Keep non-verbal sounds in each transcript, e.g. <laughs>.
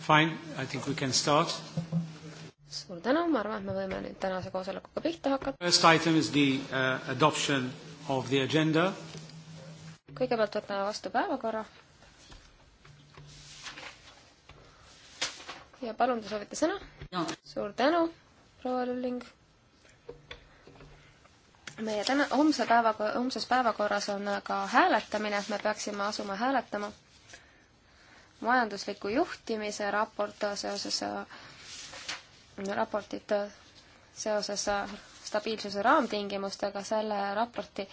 Fine, I think we can start. suur tänu, ma arvan, et me võime nüüd tänase koosolekuga pihta hakata. First item is the uh, adoption of the agenda. kõigepealt võtame vastu päevakorra. ja palun, te soovite sõna no.? suur tänu, proua Lulling meie täna, homse päeva, homses päevakorras on ka hääletamine, me peaksime asuma hääletama majandusliku juhtimise raport seoses, äh, raportit äh, seoses äh, stabiilsuse raamtingimustega, selle raporti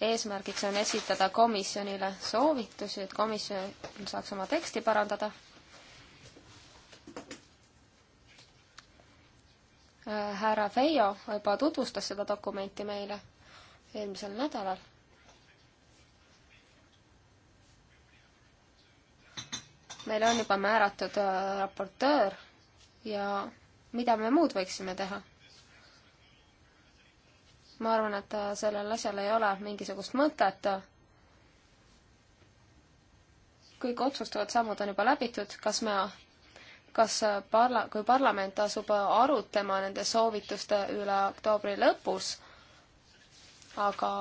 eesmärgiks on esitada komisjonile soovitusi, et komisjon saaks oma teksti parandada. härra Feio juba tutvustas seda dokumenti meile eelmisel nädalal meil on juba määratud äh, raportöör ja mida me muud võiksime teha? ma arvan, et äh, sellel asjal ei ole mingisugust mõtet. kõik otsustavad sammud on juba läbitud, kas me, kas äh, parla-, kui parlament asub arutlema nende soovituste üle oktoobri lõpus, aga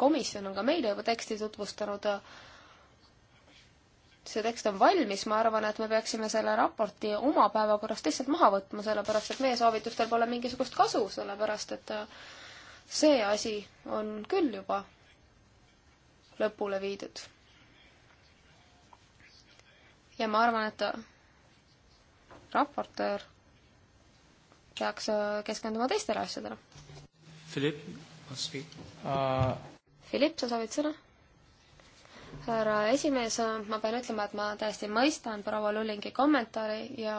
komisjon on ka meile juba teksti tutvustanud see tekst on valmis, ma arvan, et me peaksime selle raporti oma päevakorrast lihtsalt maha võtma, sellepärast et meie soovitustel pole mingisugust kasu, sellepärast et äh, see asi on küll juba lõpule viidud. ja ma arvan, et äh, raportöör peaks äh, keskenduma teistele asjadele. Philipp, ma saan uh.... Philipp, sa soovid sõna? härra esimees, ma pean ütlema, et ma täiesti mõistan proua Lullingi kommentaari ja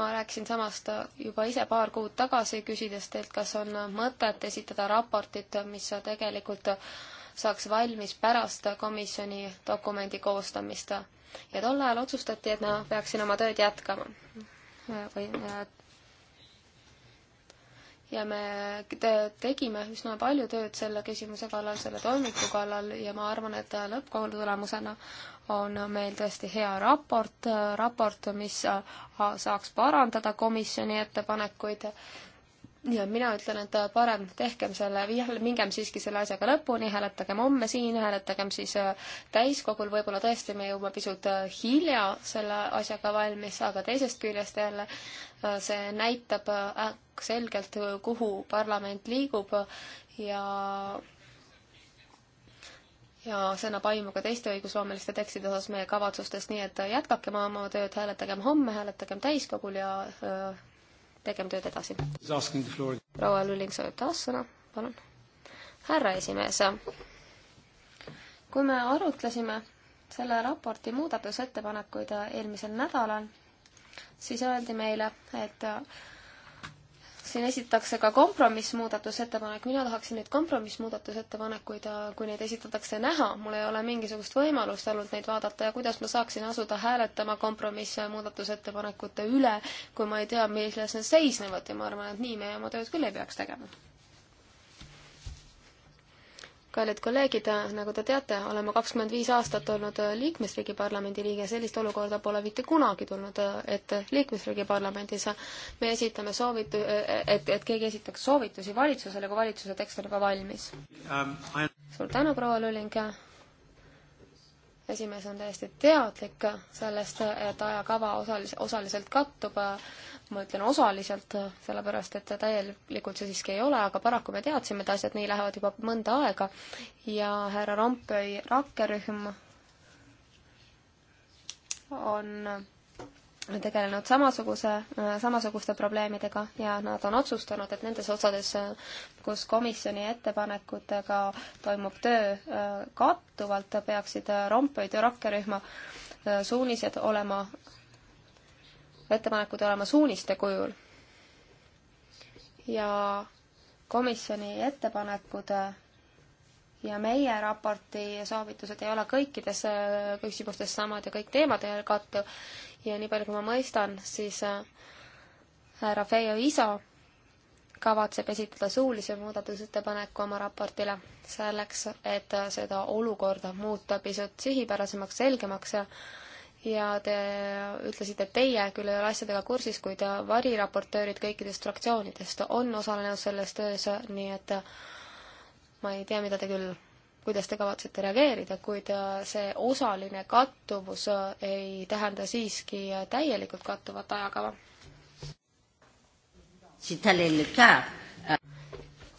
ma rääkisin samast juba ise paar kuud tagasi, küsides teilt, kas on mõtet esitada raportit, mis tegelikult saaks valmis pärast komisjoni dokumendi koostamist. ja tol ajal otsustati, et ma peaksin oma tööd jätkama või ja me te tegime üsna palju tööd selle küsimuse kallal, selle toimiku kallal ja ma arvan, et lõppkooli tulemusena on meil tõesti hea raport, raport, mis saaks parandada komisjoni ettepanekuid ja mina ütlen, et parem tehkem selle, mingem siiski selle asjaga lõpuni, hääletagem homme siin, hääletagem siis äh, täiskogul, võib-olla tõesti me jõuame pisut äh, hilja selle asjaga valmis, aga teisest küljest jälle äh, see näitab selgelt, kuhu parlament liigub ja ja see annab aimu ka teiste õigusloomeliste tekstide osas meie kavatsustest, nii et jätkakem oma tööd, hääletagem homme, hääletagem täiskogul ja öö, tegema tööd edasi. proua Lulling soovib taas sõna, palun. härra esimees, kui me arutlesime selle raporti muudatusettepanekuid eelmisel nädalal, siis öeldi meile, et siin esitatakse ka kompromissmuudatusettepanek, mina tahaksin neid kompromissmuudatusettepanekuid, äh, kui neid esitatakse, näha, mul ei ole mingisugust võimalust olnud neid vaadata ja kuidas ma saaksin asuda hääletama kompromissmuudatusettepanekute üle, kui ma ei tea, milles need seisnevad ja ma arvan, et nii me oma tööd küll ei peaks tegema kallid kolleegid, nagu te teate, olen ma kakskümmend viis aastat olnud liikmesriigi parlamendi liige, sellist olukorda pole mitte kunagi tulnud, et liikmesriigi parlamendis me esitame soovitu-, et, et keegi esitaks soovitusi valitsusele, kui valitsuse tekst on juba valmis um,. suur tänu, proua Luling! esimees on täiesti teadlik sellest, et ajakava osalis-, osaliselt kattub ma ütlen osaliselt, sellepärast et täielikult see siiski ei ole, aga paraku me teadsime, et asjad nii lähevad juba mõnda aega ja härra Rampöi rakkerühm on tegelenud samasuguse, samasuguste probleemidega ja nad on otsustanud, et nendes osades, kus komisjoni ettepanekutega toimub töö kattuvalt, peaksid Rompöid ja rakkerühma suunised olema ettepanekud olema suuniste kujul. ja komisjoni ettepanekud ja meie raporti soovitused ei ole kõikides küsimustes samad ja kõik teemad ei ole kattuv. ja nii palju, kui ma mõistan, siis äh, härra Feio isa kavatseb esitada suulise muudatusettepaneku oma raportile selleks, et äh, seda olukorda muuta pisut sihipärasemaks, selgemaks ja ja te ütlesite, et teie küll ei ole asjadega kursis, kuid variraportöörid kõikidest fraktsioonidest on osalenud selles töös, nii et ma ei tea, mida te küll, kuidas te kavatsete reageerida, kuid see osaline kattuvus ei tähenda siiski täielikult kattuvat ajakava.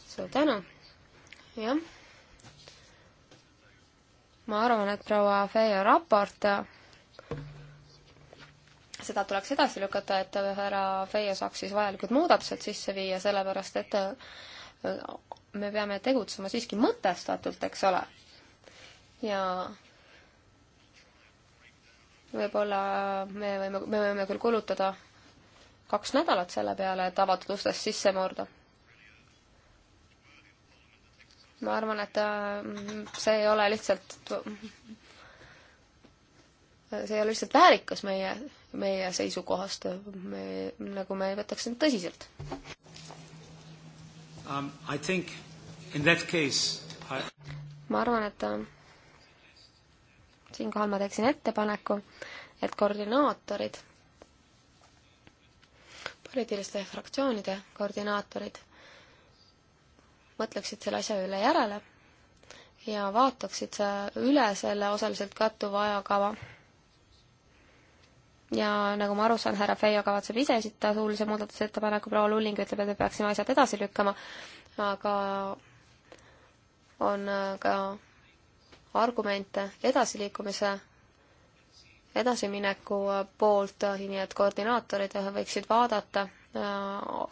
suur tänu, jah. ma arvan, et proua Feio raport seda tuleks edasi lükata, et härra Feio saaks siis vajalikud muudatused sisse viia, sellepärast et äh, me peame tegutsema siiski mõtestatult, eks ole. ja võib-olla me võime, me võime küll kulutada kaks nädalat selle peale, et avatud ustest sisse murda. ma arvan, et äh, see ei ole lihtsalt see ei ole lihtsalt väärikas meie meie seisukohast, me, nagu me ei võtaks seda tõsiselt um,. I think in that case I... ma arvan, et äh, siinkohal ma teeksin ettepaneku, et koordinaatorid, poliitiliste fraktsioonide koordinaatorid mõtleksid selle asja üle järele ja vaataksid üle selle osaliselt kattuva ajakava ja nagu ma aru saan, härra Feio kavatseb ise esitada suulise muudatusettepaneku, proua Lulling ütleb, et me peaksime asjad edasi lükkama, aga on äh, ka argumente edasiliikumise, edasimineku äh, poolt, äh, nii et koordinaatorid võiksid vaadata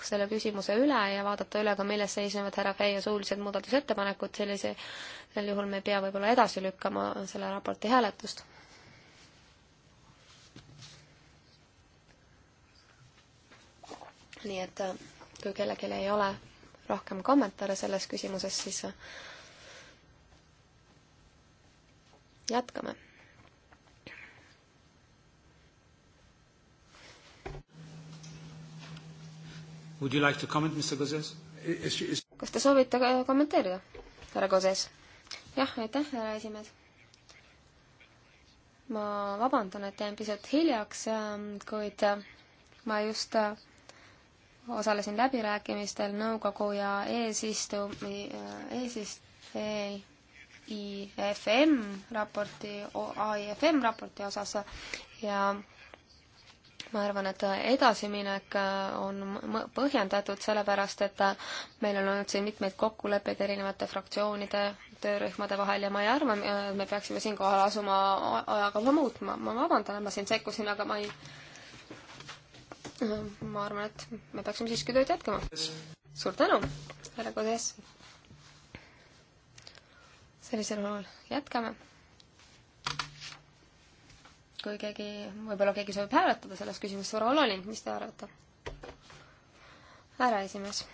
selle küsimuse üle ja vaadata üle ka, milles seisnevad härra Feio suulised muudatusettepanekud, sellise, sel juhul me ei pea võib-olla edasi lükkama selle raporti hääletust nii et äh, kui kellelgi ei ole rohkem kommentaare selles küsimuses, siis äh, jätkame. Would you like to comment, Mr Gozes? kas te soovite äh, kommenteerida, härra Gozes? jah, aitäh, härra esimees ma vabandan, et jäin pisut hiljaks, ähm, kuid ma just osalesin läbirääkimistel nõukogu ja eesistu-, äh, eesist-, EIFM raporti, AIFM raporti osas ja ma arvan, et edasiminek äh, on põhjendatud, sellepärast et äh, meil on olnud siin mitmeid kokkuleppeid erinevate fraktsioonide, töörühmade vahel ja ma ei arva, me peaksime siinkohal asuma ajakava muutma. ma vabandan, et ma siin sekkusin, aga ma ei ma arvan, et me peaksime siiski tööd jätkama. suur tänu, härra Kodes. sellisel juhul jätkame. kui keegi, võib-olla keegi soovib hääletada selles küsimuses, Varro Ololin, mis te arvate? härra esimees.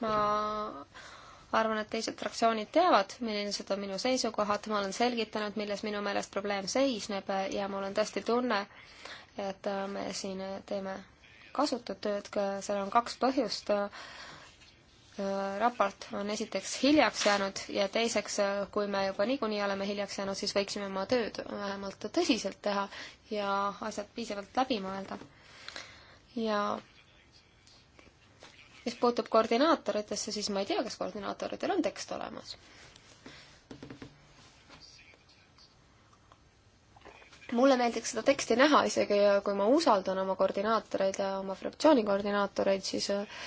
ma arvan, et teised fraktsioonid teavad, millised on minu seisukohad, ma olen selgitanud, milles minu meelest probleem seisneb ja mul on tõesti tunne, et äh, me siin teeme kasutad tööd, seal on kaks põhjust. Äh, raport on esiteks hiljaks jäänud ja teiseks, äh, kui me juba niikuinii oleme hiljaks jäänud, siis võiksime oma tööd vähemalt tõsiselt teha ja asjad piisavalt läbi mõelda. ja mis puutub koordinaatoritesse, siis ma ei tea, kas koordinaatoritel on tekst olemas mulle meeldiks seda teksti näha, isegi kui ma usaldan oma koordinaatoreid ja oma fraktsiooni koordinaatoreid, siis äh,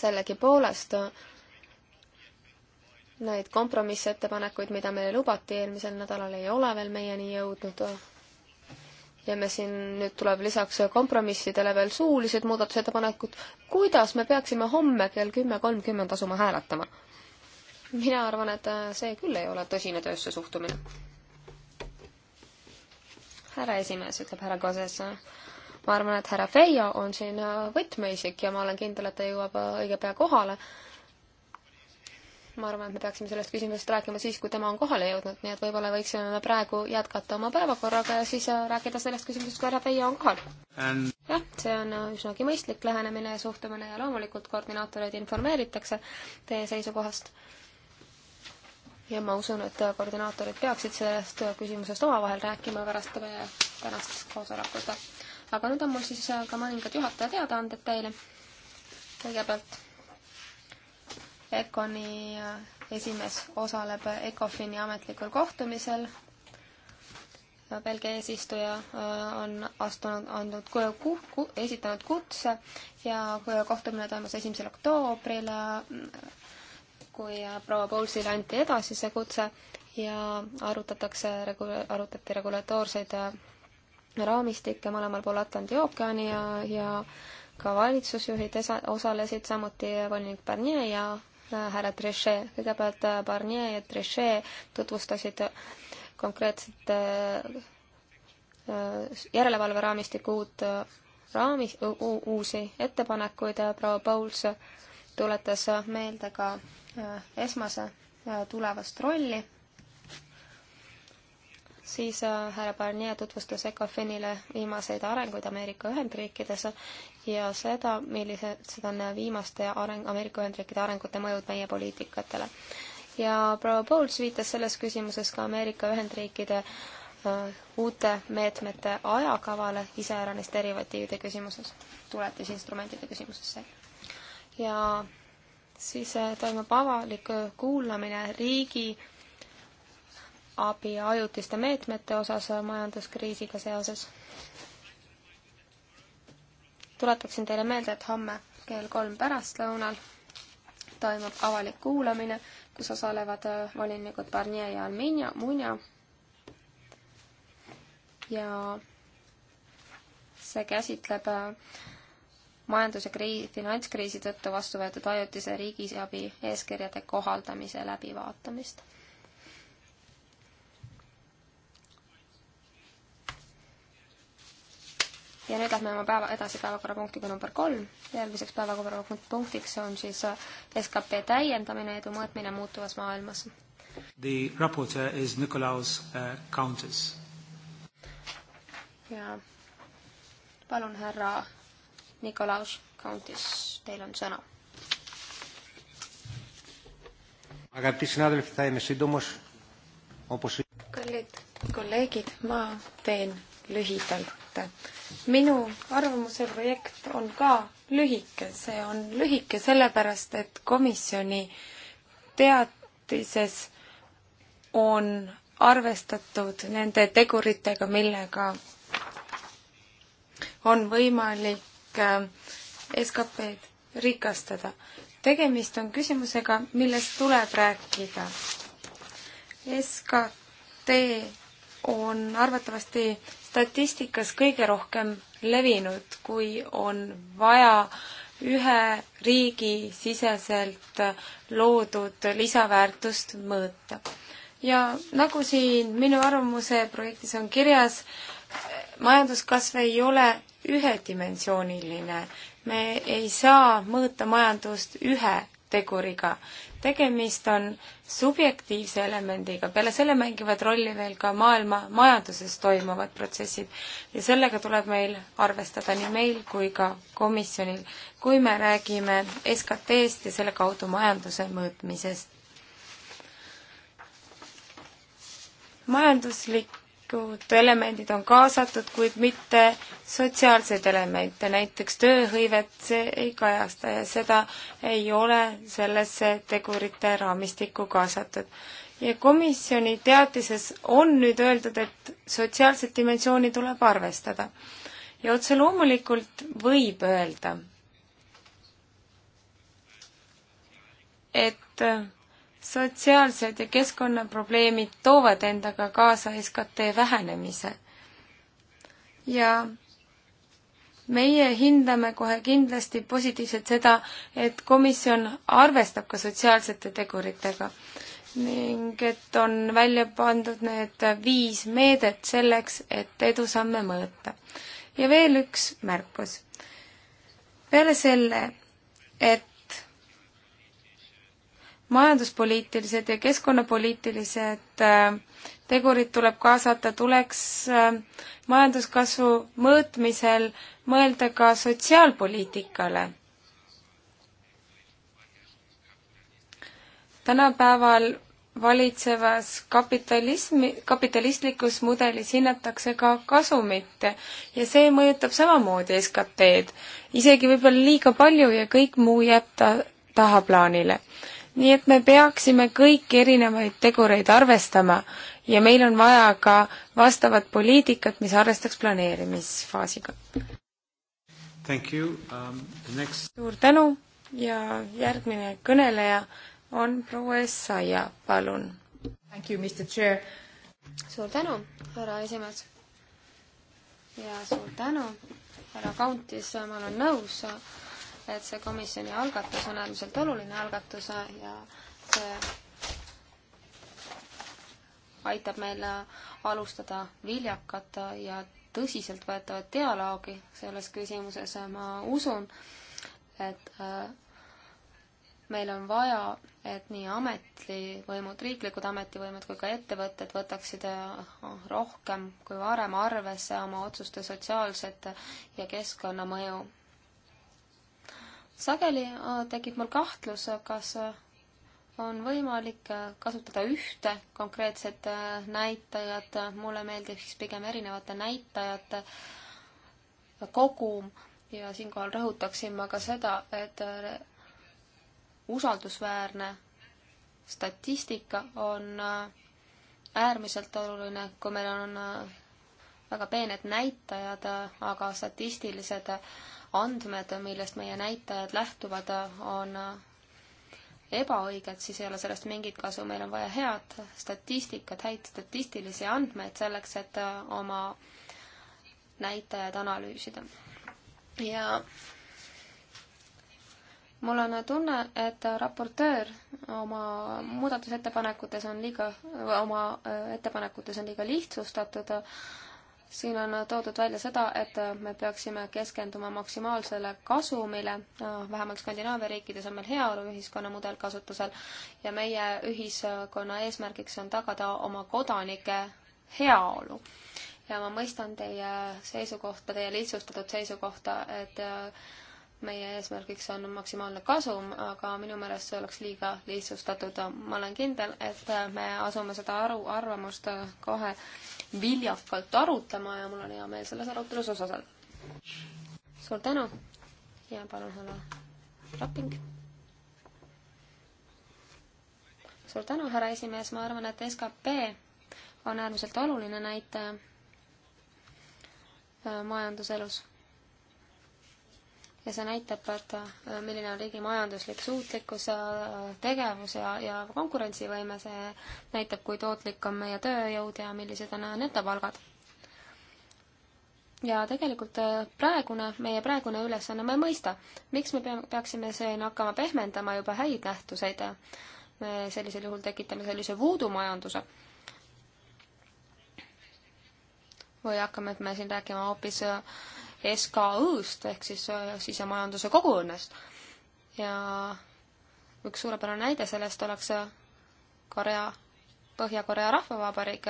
sellegipoolest äh, neid kompromissettepanekuid, mida meile lubati eelmisel nädalal, ei ole veel meieni jõudnud. ja me siin, nüüd tuleb lisaks kompromissidele veel suulised muudatusettepanekud. kuidas me peaksime homme kell kümme kolmkümmend asuma hääletama? mina arvan, et äh, see küll ei ole tõsine töösse suhtumine härra esimees, ütleb härra Koses. ma arvan, et härra Feio on siin äh, võtmeisik ja ma olen kindel, et ta jõuab äh, õige pea kohale. ma arvan, et me peaksime sellest küsimusest rääkima siis, kui tema on kohale jõudnud, nii et võib-olla võiksime me praegu jätkata oma päevakorraga ja siis äh, rääkida sellest küsimusest, kui härra Feio on kohal. jah, see on üsnagi mõistlik lähenemine ja suhtumine ja loomulikult koordinaatoreid informeeritakse teie seisukohast ja ma usun, et koordinaatorid peaksid sellest küsimusest omavahel rääkima pärast meie tänast koosolekut. aga nüüd on mul siis ka mõningad juhataja teadaanded teile. kõigepealt ECONi äh, esimees osaleb ECOFIN-i ametlikul kohtumisel. Belgia eesistuja äh, on astunud, andnud, esitanud kutse ja äh, kohtumine toimus esimesel oktoobril kui äh, proua Paulsile anti edasi see kutse ja arutatakse, arutati regulatoorseid äh, raamistikke mõlemal pool Atlandi ookeani ja, ja ka valitsusjuhid esa-, osalesid, samuti volinik Barnier ja äh, härra Trichet. kõigepealt Barnier ja Trichet tutvustasid konkreetset järelevalveraamistiku uut raami, uusi ettepanekuid ja proua Pauls tuletas meelde ka Äh, esmase äh, tulevast rolli. siis äh, härra Barnier tutvustas ECOFINile viimaseid arenguid Ameerika Ühendriikides ja seda, millised on viimaste areng, Ameerika Ühendriikide arengute mõjud meie poliitikatele. ja proua Pauls viitas selles küsimuses ka Ameerika Ühendriikide uute meetmete ajakavale iseäranis derivatiivide küsimuses, tuletisinstrumentide küsimuses see. ja siis äh, toimub avalik äh, kuulamine riigi abi ajutiste meetmete osas äh, majanduskriisiga seoses. tuletaksin teile meelde, et homme kell kolm pärastlõunal toimub avalik kuulamine, kus osalevad volinikud Barnier ja Alminia, Munja ja see käsitleb majanduse kriisi, finantskriisi tõttu vastu võetud ajutise riigiabi eeskirjade kohaldamise läbivaatamist. ja nüüd lähme oma päeva, edasi päevakorrapunktiga number kolm. järgmiseks päevakorrapunktiks on siis äh, skp täiendamine, edu mõõtmine muutuvas maailmas. The raporteur is Nikolaus uh, äh, Countess. ja palun, härra Nikolaus Countis, teil on sõna. kallid kolleegid, ma teen lühidalt. minu arvamuse projekt on ka lühike, see on lühike sellepärast, et komisjoni teatises on arvestatud nende teguritega, millega on võimalik Äh, SKP-d rikastada. tegemist on küsimusega, millest tuleb rääkida. SKT on arvatavasti statistikas kõige rohkem levinud, kui on vaja ühe riigi siseselt loodud lisaväärtust mõõta. ja nagu siin minu arvamuse projektis on kirjas, majanduskasv ei ole ühedimensiooniline. me ei saa mõõta majandust ühe teguriga. tegemist on subjektiivse elemendiga, peale selle mängivad rolli veel ka maailma majanduses toimuvad protsessid ja sellega tuleb meil arvestada nii meil kui ka komisjonil, kui me räägime SKT-st ja selle kaudu majanduse mõõtmisest. majanduslik majanduslikud elemendid on kaasatud, kuid mitte sotsiaalseid elemente, näiteks tööhõivet see ei kajasta ja seda ei ole sellesse tegurite raamistikku kaasatud. ja komisjoni teatises on nüüd öeldud, et sotsiaalset dimensiooni tuleb arvestada. ja otse loomulikult võib öelda, et sotsiaalsed ja keskkonnaprobleemid toovad endaga kaasa SKT vähenemise. ja meie hindame kohe kindlasti positiivselt seda, et komisjon arvestab ka sotsiaalsete teguritega ning et on välja pandud need viis meedet selleks, et edusamme mõõta. ja veel üks märkus. peale selle, et majanduspoliitilised ja keskkonnapoliitilised äh, tegurid tuleb kaasata, tuleks äh, majanduskasvu mõõtmisel mõelda ka sotsiaalpoliitikale. tänapäeval valitsevas kapitalismi, kapitalistlikus mudelis hinnatakse ka kasumit ja see mõjutab samamoodi SKT-d, isegi võib-olla liiga palju ja kõik muu jääb ta tahaplaanile nii et me peaksime kõiki erinevaid tegureid arvestama ja meil on vaja ka vastavat poliitikat, mis arvestaks planeerimisfaasiga. Um, next... suur tänu ja järgmine kõneleja on proua Essaia, palun. suur tänu, härra esimees. ja suur tänu, härra Kauntis, ma olen nõus et see komisjoni algatus on äärmiselt oluline algatus ja see aitab meil alustada viljakat ja tõsiseltvõetavat dialoogi selles küsimuses. ma usun, et äh, meil on vaja, et nii ametivõimud, riiklikud ametivõimud kui ka ettevõtted võtaksid äh, rohkem kui varem arvesse oma otsuste sotsiaalset ja keskkonnamõju sageli äh, tekib mul kahtlus, kas äh, on võimalik äh, kasutada ühte konkreetset näitajat, mulle meeldiks pigem erinevate näitajate kogum ja siinkohal rõhutaksin ma ka seda, et usaldusväärne statistika on äärmiselt oluline, kui meil on väga peened näitajad, aga statistilised äh, andmed, millest meie näitajad lähtuvad, on ebaõiged, siis ei ole sellest mingit kasu, meil on vaja head statistikat, häid statistilisi andmeid selleks, et oma näitajad analüüsida. ja mul on tunne, et raportöör oma muudatusettepanekutes on liiga, oma ettepanekutes on liiga lihtsustatud siin on toodud välja seda, et me peaksime keskenduma maksimaalsele kasumile, vähemalt Skandinaavia riikides on meil heaoluühiskonna mudel kasutusel ja meie ühiskonna eesmärgiks on tagada oma kodanike heaolu. ja ma mõistan teie seisukohta, teie lihtsustatud seisukohta, et meie eesmärgiks on maksimaalne kasum, aga minu meelest see oleks liiga lihtsustatud. ma olen kindel, et me asume seda aru, arvamust kohe viljakalt arutama ja mul on hea meel selles arutelus osaleda. suur tänu ja palun, härra Rapping. suur tänu, härra esimees, ma arvan, et skp on äärmiselt oluline näitaja majanduselus ja see näitab, et äh, milline on riigi majanduslik suutlikkus, äh, tegevus ja, ja konkurentsivõime, see näitab, kui tootlik on meie tööjõud ja millised on äh, netopalgad. ja tegelikult praegune, meie praegune ülesanne, ma ei mõista, miks me peame, peaksime siin hakkama pehmendama juba häid nähtuseid, me sellisel juhul tekitame sellise voodumajanduse või hakkame me siin rääkima hoopis SKÜ-st ehk siis äh, sisemajanduse koguõnnest. ja üks suurepärane näide sellest oleks äh, Korea, Põhja-Korea Rahvavabariik,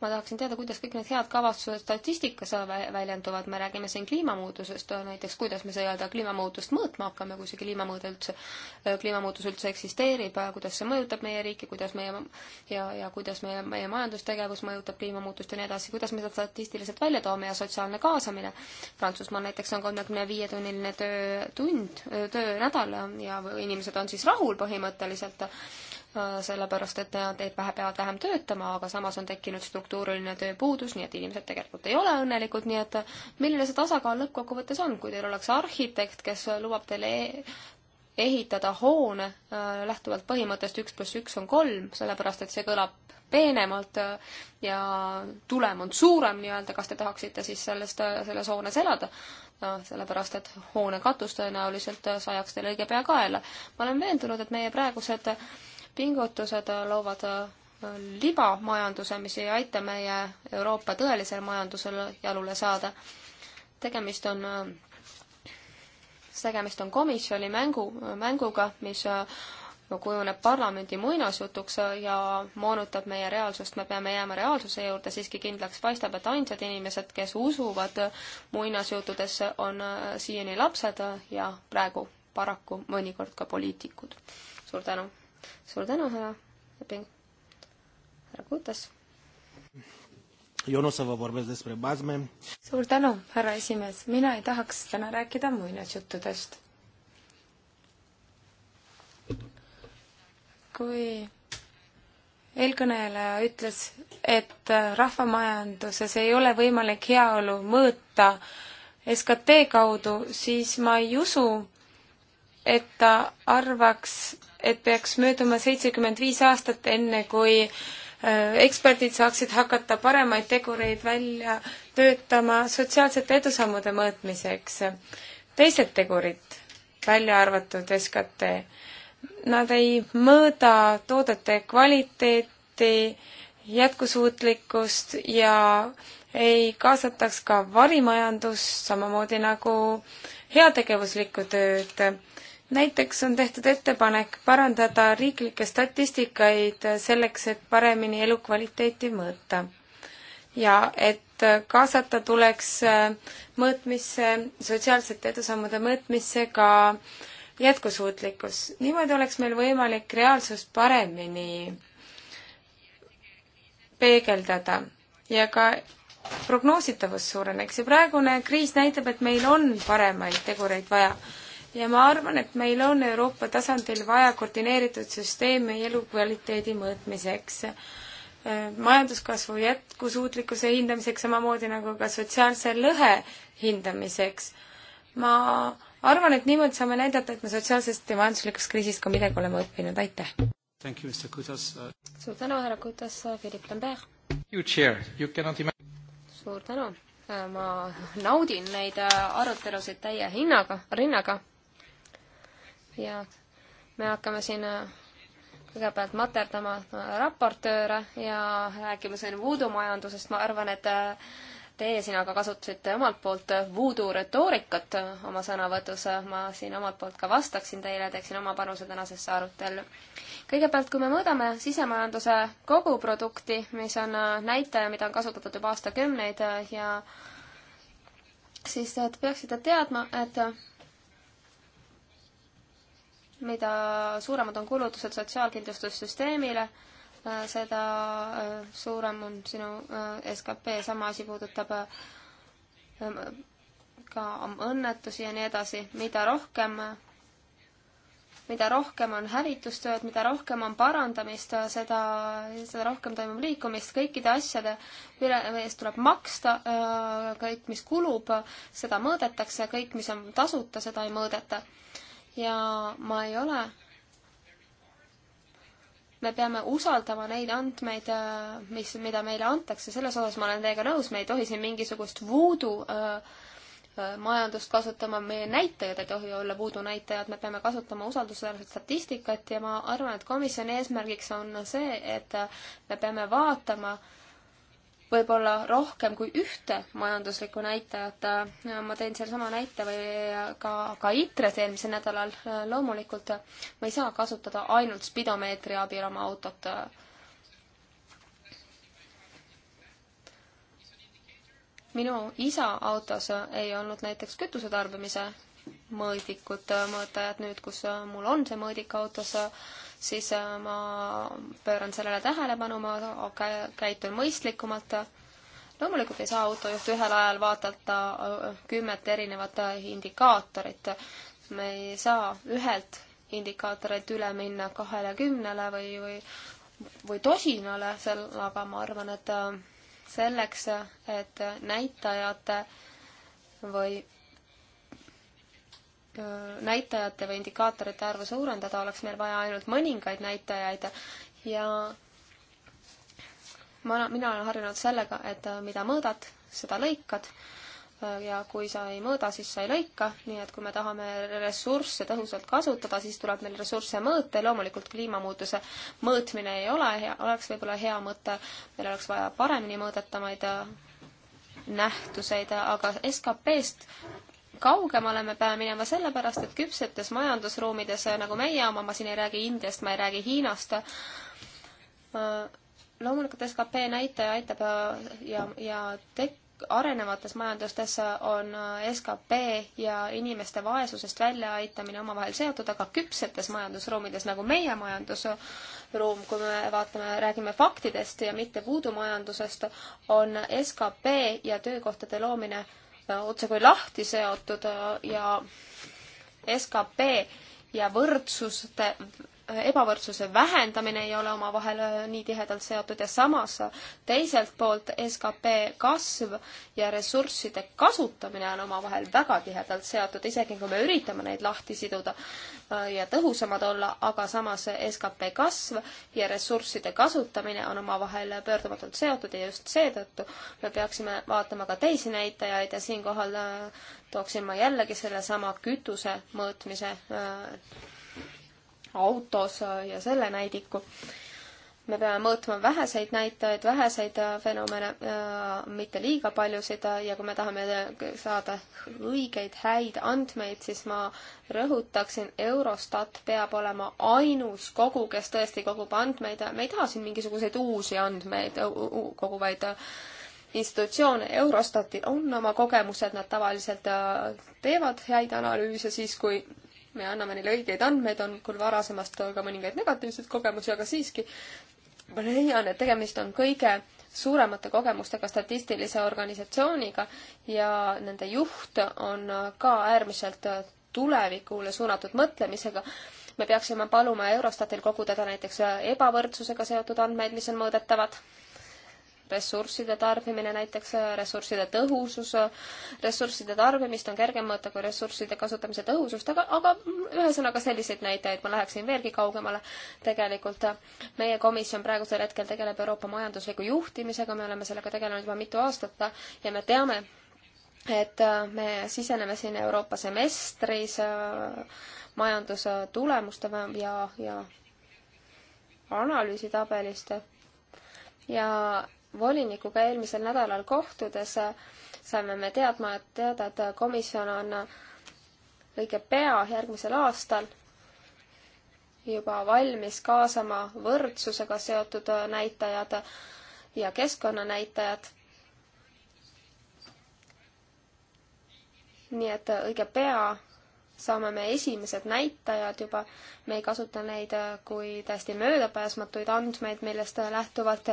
ma tahaksin teada, kuidas kõik need head kavatsused statistikas väljenduvad, me räägime siin kliimamuutusest näiteks, kuidas me seda kliimamuutust mõõtma hakkame, kui see kliimamõõde üldse, kliimamuutus üldse eksisteerib, kuidas see mõjutab meie riiki, kuidas meie ja, ja kuidas meie, meie majandustegevus mõjutab kliimamuutust ja nii edasi, kuidas me seda statistiliselt välja toome ja sotsiaalne kaasamine. Prantsusmaal näiteks on kolmekümne viie tunniline töötund, töönädal ja inimesed on siis rahul põhimõtteliselt Äh, sellepärast et teed vähe, peavad vähem töötama, aga samas on tekkinud struktuuriline tööpuudus, nii et inimesed tegelikult ei ole õnnelikud, nii et äh, milline see tasakaal lõppkokkuvõttes on, kui teil oleks arhitekt, kes lubab teile e ehitada hoone äh, lähtuvalt põhimõttest üks pluss üks on kolm, sellepärast et see kõlab peenemalt äh, ja tulem on suurem nii-öelda, kas te tahaksite siis sellest, äh, selles hoones elada no,? sellepärast, et hoone katus tõenäoliselt sajaks teil õige pea kaela. ma olen veendunud, et meie praegused äh, pingutused loovad äh, libamajanduse, mis ei aita meie Euroopa tõelisel majandusel jalule saada. tegemist on äh, tegemist on komisjoni mängu, mänguga, mis äh, kujuneb parlamendi muinasjutuks ja moonutab meie reaalsust, me peame jääma reaalsuse juurde, siiski kindlaks paistab, et ainsad inimesed, kes usuvad muinasjuttudesse, on siiani lapsed ja praegu paraku mõnikord ka poliitikud. suur tänu! suur tänu, härra Leping. härra Kutas. Eu nu o să vă vorbesc despre bazme. Suur tänu, härra esimees. Mina ei tahaks täna rääkida muinasjuttudest. Kui eelkõneleja ütles, et rahvamajanduses ei ole võimalik heaolu mõõta SKT kaudu, siis ma ei usu, et ta arvaks, et peaks mööduma seitsekümmend viis aastat, enne kui äh, eksperdid saaksid hakata paremaid tegureid välja töötama sotsiaalsete edusammude mõõtmiseks. teised tegurid, välja arvatud SKT, nad ei mõõda toodete kvaliteeti, jätkusuutlikkust ja ei kaasataks ka varimajandust, samamoodi nagu heategevuslikku tööd näiteks on tehtud ettepanek parandada riiklikke statistikaid selleks, et paremini elukvaliteeti mõõta. ja et kaasata tuleks mõõtmisse, sotsiaalsete edusammude mõõtmisse ka jätkusuutlikkus. niimoodi oleks meil võimalik reaalsust paremini peegeldada ja ka prognoositavus suureneks ja praegune kriis näitab, et meil on paremaid tegureid vaja ja ma arvan, et meil on Euroopa tasandil vaja koordineeritud süsteemi elukvaliteedi mõõtmiseks, äh, majanduskasvu jätkusuutlikkuse hindamiseks, samamoodi nagu ka sotsiaalse lõhe hindamiseks. ma arvan, et niimoodi saame näidata, et me sotsiaalsest ja majanduslikust kriisist ka midagi oleme õppinud, aitäh! suur tänu, härra Kutas, Philippe Lambert! suur tänu! Äh, ma naudin neid äh, arutelusid täie hinnaga, rinnaga ja me hakkame siin äh, kõigepealt materdama äh, raportööre ja rääkima siin voodumajandusest, ma arvan, et äh, teie siin aga kasutasite omalt poolt voodoo retoorikat oma sõnavõtus, ma siin omalt poolt ka vastaksin teile, teeksin oma panuse tänasesse arutellu. kõigepealt, kui me mõõdame sisemajanduse koguprodukti, mis on näitaja, mida on kasutatud juba aastakümneid ja siis te peaksite teadma, et mida suuremad on kulutused sotsiaalkindlustussüsteemile, äh, seda äh, suurem on sinu äh, skp, sama asi puudutab ka õnnetusi ja nii edasi, mida rohkem, mida rohkem on hävitustööd, mida rohkem on parandamist, seda, seda rohkem toimub liikumist, kõikide asjade üle, eest tuleb maksta, kõik, mis kulub, seda mõõdetakse, kõik, mis on tasuta, seda ei mõõdeta ja ma ei ole me peame usaldama neid andmeid, äh, mis, mida meile antakse, selles osas ma olen teiega nõus, me ei tohi siin mingisugust voodoo äh, äh, majandust kasutama, meie näitajad ei tohi olla voodoo näitajad, me peame kasutama usaldusväärset statistikat ja ma arvan, et komisjoni eesmärgiks on see, et äh, me peame vaatama äh, võib-olla rohkem kui ühte majanduslikku näitajat. ma tõin sellesama näite või ka, ka ITRE-s eelmisel nädalal. loomulikult me ei saa kasutada ainult spidomeetri abil oma autot. minu isa autos ei olnud näiteks kütuse tarbimise mõõdikut, mõõtajad nüüd, kus mul on see mõõdik autos, siis äh, ma pööran sellele tähelepanu, ma käitun mõistlikumalt. loomulikult ei saa autojuht ühel ajal vaadata äh, kümmet erinevat äh, indikaatorit. me ei saa ühelt indikaatorilt üle minna kahele kümnele või, või, või tosinale, seal, aga ma arvan, et selleks, et näitajate või Äh, näitajate või indikaatorite arvu suurendada, oleks meil vaja ainult mõningaid näitajaid ja ma, mina olen harjunud sellega, et äh, mida mõõdad, seda lõikad äh, ja kui sa ei mõõda, siis sa ei lõika, nii et kui me tahame ressursse tõhusalt kasutada, siis tuleb meil ressursse mõõta ja loomulikult kliimamuutuse mõõtmine ei ole hea, oleks võib-olla hea mõte, meil oleks vaja paremini mõõdetamaid nähtuseid, aga SKP-st kaugemale me peame minema sellepärast, et küpsetes majandusruumides eh, nagu meie oma, ma siin ei räägi Indiast, ma ei räägi Hiinast, eh, loomulikult skp näitaja aitab eh, ja, ja tek-, arenevates majandustes on skp ja inimeste vaesusest väljaaitamine omavahel seotud, aga küpsetes majandusruumides, nagu meie majandusruum, kui me vaatame, räägime faktidest ja mitte voodoo majandusest, on skp ja töökohtade loomine äh, otsekui lahti seotud äh, ja skp ja võrdsuste ebavõrdsuse vähendamine ei ole omavahel äh, nii tihedalt seotud ja samas teiselt poolt skp kasv ja ressursside kasutamine on omavahel väga tihedalt seotud, isegi kui me üritame neid lahti siduda äh, ja tõhusamad olla, aga samas skp kasv ja ressursside kasutamine on omavahel pöördumatult seotud ja just seetõttu me peaksime vaatama ka teisi näitajaid ja siinkohal äh, tooksin ma jällegi sellesama kütuse mõõtmise autos ja selle näidiku. me peame mõõtma väheseid näitajaid, väheseid äh, fenomene, äh, mitte liiga paljusid äh, ja kui me tahame saada õigeid häid andmeid, siis ma rõhutaksin, Eurostat peab olema ainus kogu, kes tõesti kogub andmeid, me ei taha siin mingisuguseid uusi andmeid kogu, vaid institutsioon Eurostatil on oma kogemused, nad tavaliselt teevad häid analüüse siis, kui me anname neile õigeid andmeid, on küll varasemast ka mõningaid negatiivseid kogemusi, aga siiski ma leian, et tegemist on kõige suuremate kogemustega statistilise organisatsiooniga ja nende juht on ka äärmiselt tulevikule suunatud mõtlemisega. me peaksime paluma Eurostatil koguda näiteks ebavõrdsusega seotud andmeid, mis on mõõdetavad ressursside tarbimine näiteks, äh, ressursside tõhusus, äh, ressursside tarbimist on kergem mõõta kui ressursside kasutamise tõhusust, aga, aga ühesõnaga selliseid näitajaid ma läheksin veelgi kaugemale. tegelikult äh, meie komisjon praegusel hetkel tegeleb Euroopa majandusliku juhtimisega, me oleme sellega tegelenud juba mitu aastat ja me teame, et me siseneme siin Euroopa semestris majanduse tulemuste ja, ja analüüsitabelist ja volinikuga eelmisel nädalal kohtudes äh, saime me teadma, et teada, et äh, komisjon on äh, õige pea järgmisel aastal juba valmis kaasama võrdsusega seotud näitajad ja keskkonnanäitajad. nii et õige pea saame me esimesed näitajad juba, me ei kasuta neid kui täiesti möödapääsmatuid andmeid, millest lähtuvalt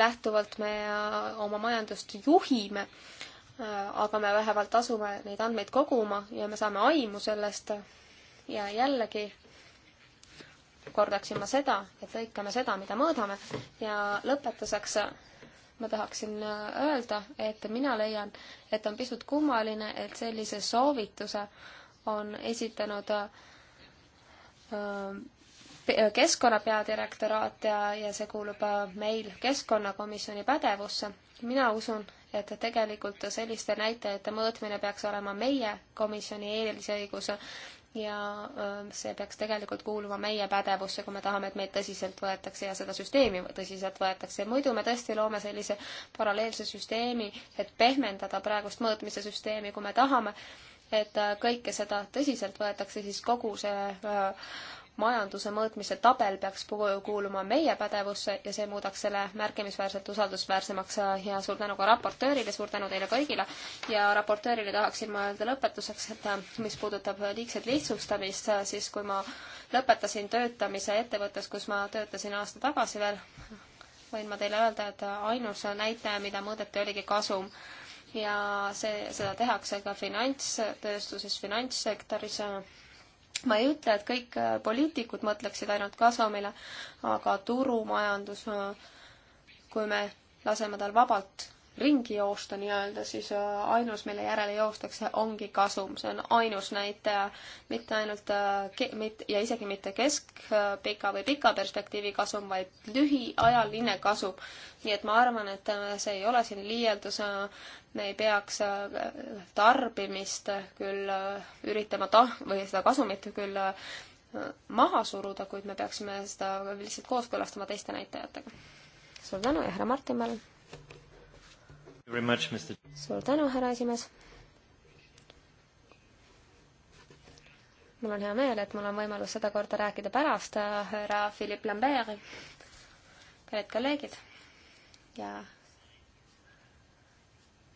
lähtuvalt me oma majandust juhime, äh, aga me vähemalt asume neid andmeid koguma ja me saame aimu sellest. ja jällegi kordaksin ma seda, et lõikame seda, mida mõõdame ja lõpetuseks ma tahaksin öelda, et mina leian, et on pisut kummaline, et sellise soovituse on esitanud äh, keskkonna peadirektoraat ja, ja see kuulub äh, meil keskkonnakomisjoni pädevusse. mina usun, et tegelikult selliste näitajate mõõtmine peaks olema meie komisjoni eelisõigus ja äh, see peaks tegelikult kuuluma meie pädevusse, kui me tahame, et meid tõsiselt võetakse ja seda süsteemi tõsiselt võetakse. muidu me tõesti loome sellise paralleelse süsteemi, et pehmendada praegust mõõtmise süsteemi, kui me tahame, et äh, kõike seda tõsiselt võetakse, siis kogu see majanduse mõõtmise tabel peaks kuuluma meie pädevusse ja see muudaks selle märkimisväärselt usaldusväärsemaks ja suur tänu ka raportöörile, suur tänu teile kõigile ja raportöörile tahaksin ma öelda lõpetuseks, et mis puudutab liigset lihtsustamist, siis kui ma lõpetasin töötamise ettevõttes, kus ma töötasin aasta tagasi veel, võin ma teile öelda, et ainus näitaja, mida mõõdeti, oligi kasum ja see, seda tehakse ka finantstööstuses, finantssektoris ma ei ütle, et kõik äh, poliitikud mõtleksid ainult kasumile, aga turumajandus, äh, kui me laseme tal vabalt ringi joosta nii-öelda, siis äh, ainus, mille järele joostakse, ongi kasum, see on ainus näitaja, mitte ainult äh, mit, ja isegi mitte keskpika äh, või pika perspektiivi kasum, vaid lühiajaline kasum. nii et ma arvan, et see ei ole siin liialdus, me ei peaks tarbimist küll üritama ta- või seda kasumit küll maha suruda, kuid me peaksime seda lihtsalt kooskõlastama teiste näitajatega. suur tänu ja härra Martin, palun! suur tänu, härra esimees. mul on hea meel, et mul on võimalus seda korda rääkida pärast äh, härra Philippe Lambert'i. kallid kolleegid ja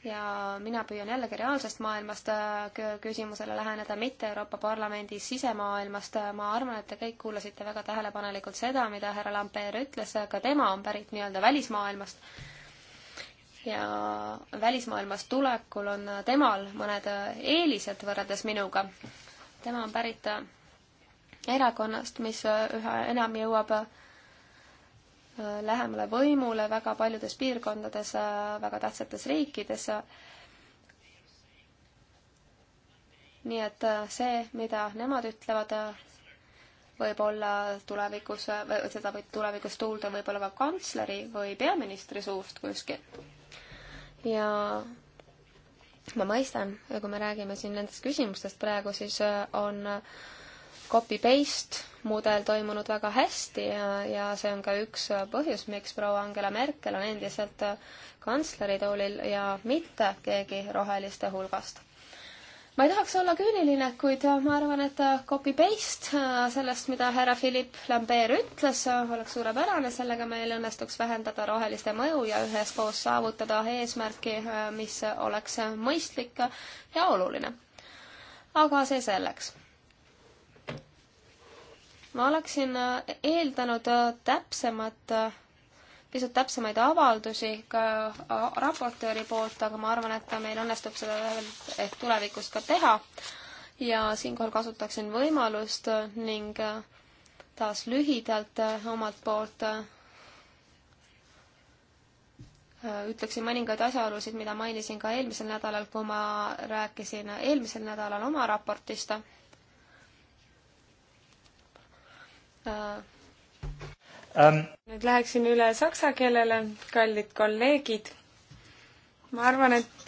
ja mina püüan jällegi reaalsest maailmast äh, küsimusele läheneda, mitte Euroopa Parlamendi sisemaailmast. ma arvan, et te kõik kuulasite väga tähelepanelikult seda, mida härra Lamper ütles, ka tema on pärit nii-öelda välismaailmast ja välismaailmast tulekul on temal mõned eelised võrreldes minuga. tema on pärit erakonnast, mis üha enam jõuab äh, lähemale võimule väga paljudes piirkondades, äh, väga tähtsates riikides. nii et äh, see, mida nemad ütlevad, võib-olla tulevikus, seda võib tulevikus tuulda võib-olla ka kantsleri või peaministri suust kuskilt ja ma mõistan, kui me räägime siin nendest küsimustest praegu, siis äh, on äh, copy-paste mudel toimunud väga hästi ja, ja see on ka üks äh, põhjus, miks proua Angela Merkel on endiselt kantsleritoolil ja mitte keegi roheliste hulgast ma ei tahaks olla küüniline, kuid äh, ma arvan, et äh, copy-paste äh, sellest, mida härra Philip Lambert ütles, oleks suurepärane, sellega meil õnnestuks vähendada roheliste mõju ja üheskoos saavutada eesmärki, mis oleks mõistlik ja oluline. aga see selleks ma oleksin eeldanud täpsemat pisut täpsemaid avaldusi ka raportööri poolt, aga ma arvan, et meil õnnestub seda veel ehk tulevikus ka teha. ja siinkohal kasutaksin võimalust ning eh, taas lühidalt eh, omalt poolt eh, ütleksin mõningaid asjaolusid, mida mainisin ka eelmisel nädalal, kui ma rääkisin eelmisel nädalal oma raportist um.... nüüd läheksin üle saksa keelele, kallid kolleegid. ma arvan, et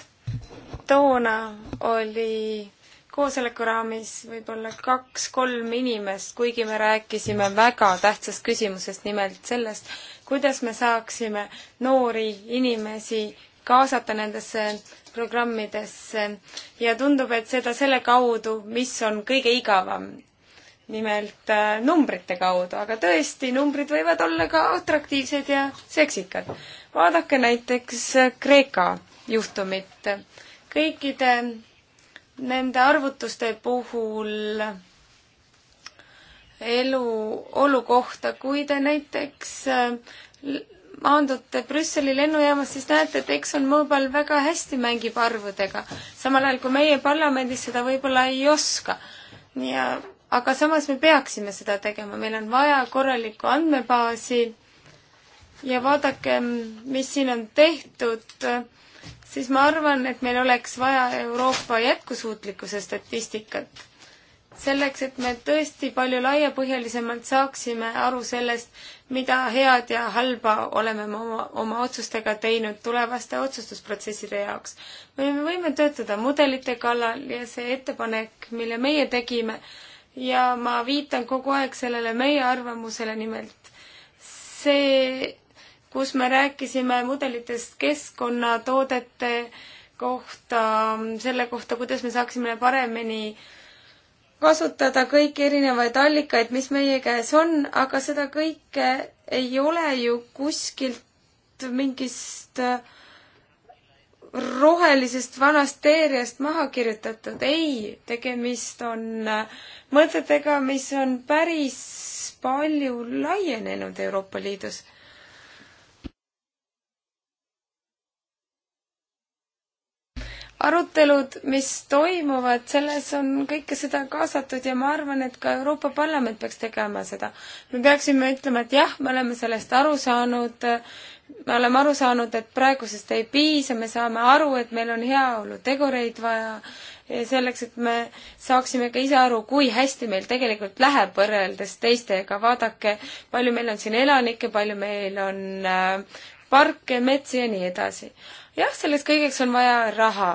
toona oli koosoleku raamis võib-olla kaks-kolm inimest, kuigi me rääkisime väga tähtsast küsimusest, nimelt sellest, kuidas me saaksime noori inimesi kaasata nendesse programmidesse ja tundub, et seda selle kaudu, mis on kõige igavam nimelt äh, numbrite kaudu, aga tõesti, numbrid võivad olla ka atraktiivsed ja seksikad. vaadake näiteks äh, Kreeka juhtumit. kõikide nende arvutuste puhul eluolu kohta, kui te näiteks äh, maandute Brüsseli lennujaamas, siis näete, et ExxonMobil väga hästi mängib arvudega. samal ajal kui meie parlamendis seda võib-olla ei oska. ja aga samas me peaksime seda tegema, meil on vaja korralikku andmebaasi ja vaadake, mis siin on tehtud, siis ma arvan, et meil oleks vaja Euroopa jätkusuutlikkuse statistikat. selleks, et me tõesti palju laiapõhjalisemalt saaksime aru sellest, mida head ja halba oleme me oma, oma otsustega teinud tulevaste otsustusprotsesside jaoks. me võime töötada mudelite kallal ja see ettepanek, mille meie tegime, ja ma viitan kogu aeg sellele meie arvamusele nimelt. see, kus me rääkisime mudelitest keskkonnatoodete kohta, selle kohta, kuidas me saaksime paremini kasutada kõiki erinevaid allikaid, mis meie käes on, aga seda kõike ei ole ju kuskilt mingist äh, rohelisest vanast teeriast maha kirjutatud, ei, tegemist on äh, mõtetega, mis on päris palju laienenud Euroopa Liidus. arutelud, mis toimuvad, selles on kõike seda kaasatud ja ma arvan, et ka Euroopa Parlament peaks tegema seda. me peaksime ütlema, et jah, me oleme sellest aru saanud äh,, me oleme aru saanud, et praegusest ei piisa, me saame aru, et meil on heaolutegureid vaja selleks, et me saaksime ka ise aru, kui hästi meil tegelikult läheb võrreldes teistega. vaadake, palju meil on siin elanikke, palju meil on äh, parke, metsi ja nii edasi. jah, selleks kõigeks on vaja raha.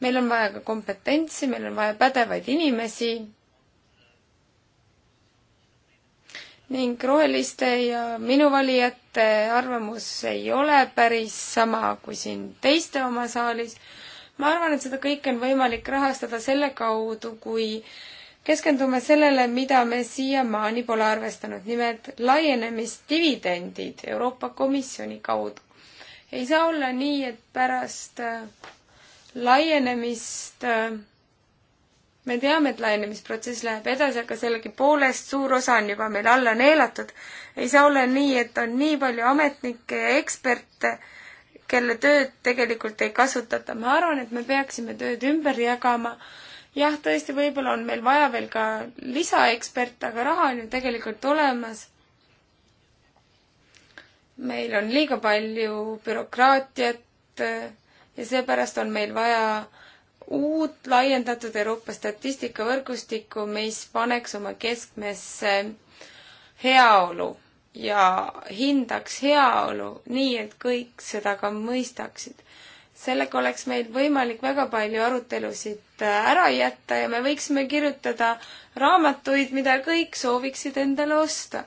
meil on vaja ka kompetentsi, meil on vaja pädevaid inimesi ning roheliste ja minu valijate arvamus ei ole päris sama kui siin teiste oma saalis. ma arvan, et seda kõike on võimalik rahastada selle kaudu, kui keskendume sellele, mida me siiamaani pole arvestanud, nimelt laienemisdividendid Euroopa Komisjoni kaudu. ei saa olla nii, et pärast laienemist äh, me teame, et laienemisprotsess läheb edasi, aga sellegipoolest suur osa on juba meil alla neelatud. ei saa olla nii, et on nii palju ametnikke ja eksperte, kelle tööd tegelikult ei kasutata. ma arvan, et me peaksime tööd ümber jagama. jah, tõesti, võib-olla on meil vaja veel ka lisaeksperte, aga raha on ju tegelikult olemas. meil on liiga palju bürokraatiat ja seepärast on meil vaja äh, uut laiendatud Euroopa statistikavõrgustikku, mis paneks oma keskmesse heaolu ja hindaks heaolu nii, et kõik seda ka mõistaksid. sellega oleks meil võimalik väga palju arutelusid ära jätta ja me võiksime kirjutada raamatuid, mida kõik sooviksid endale osta.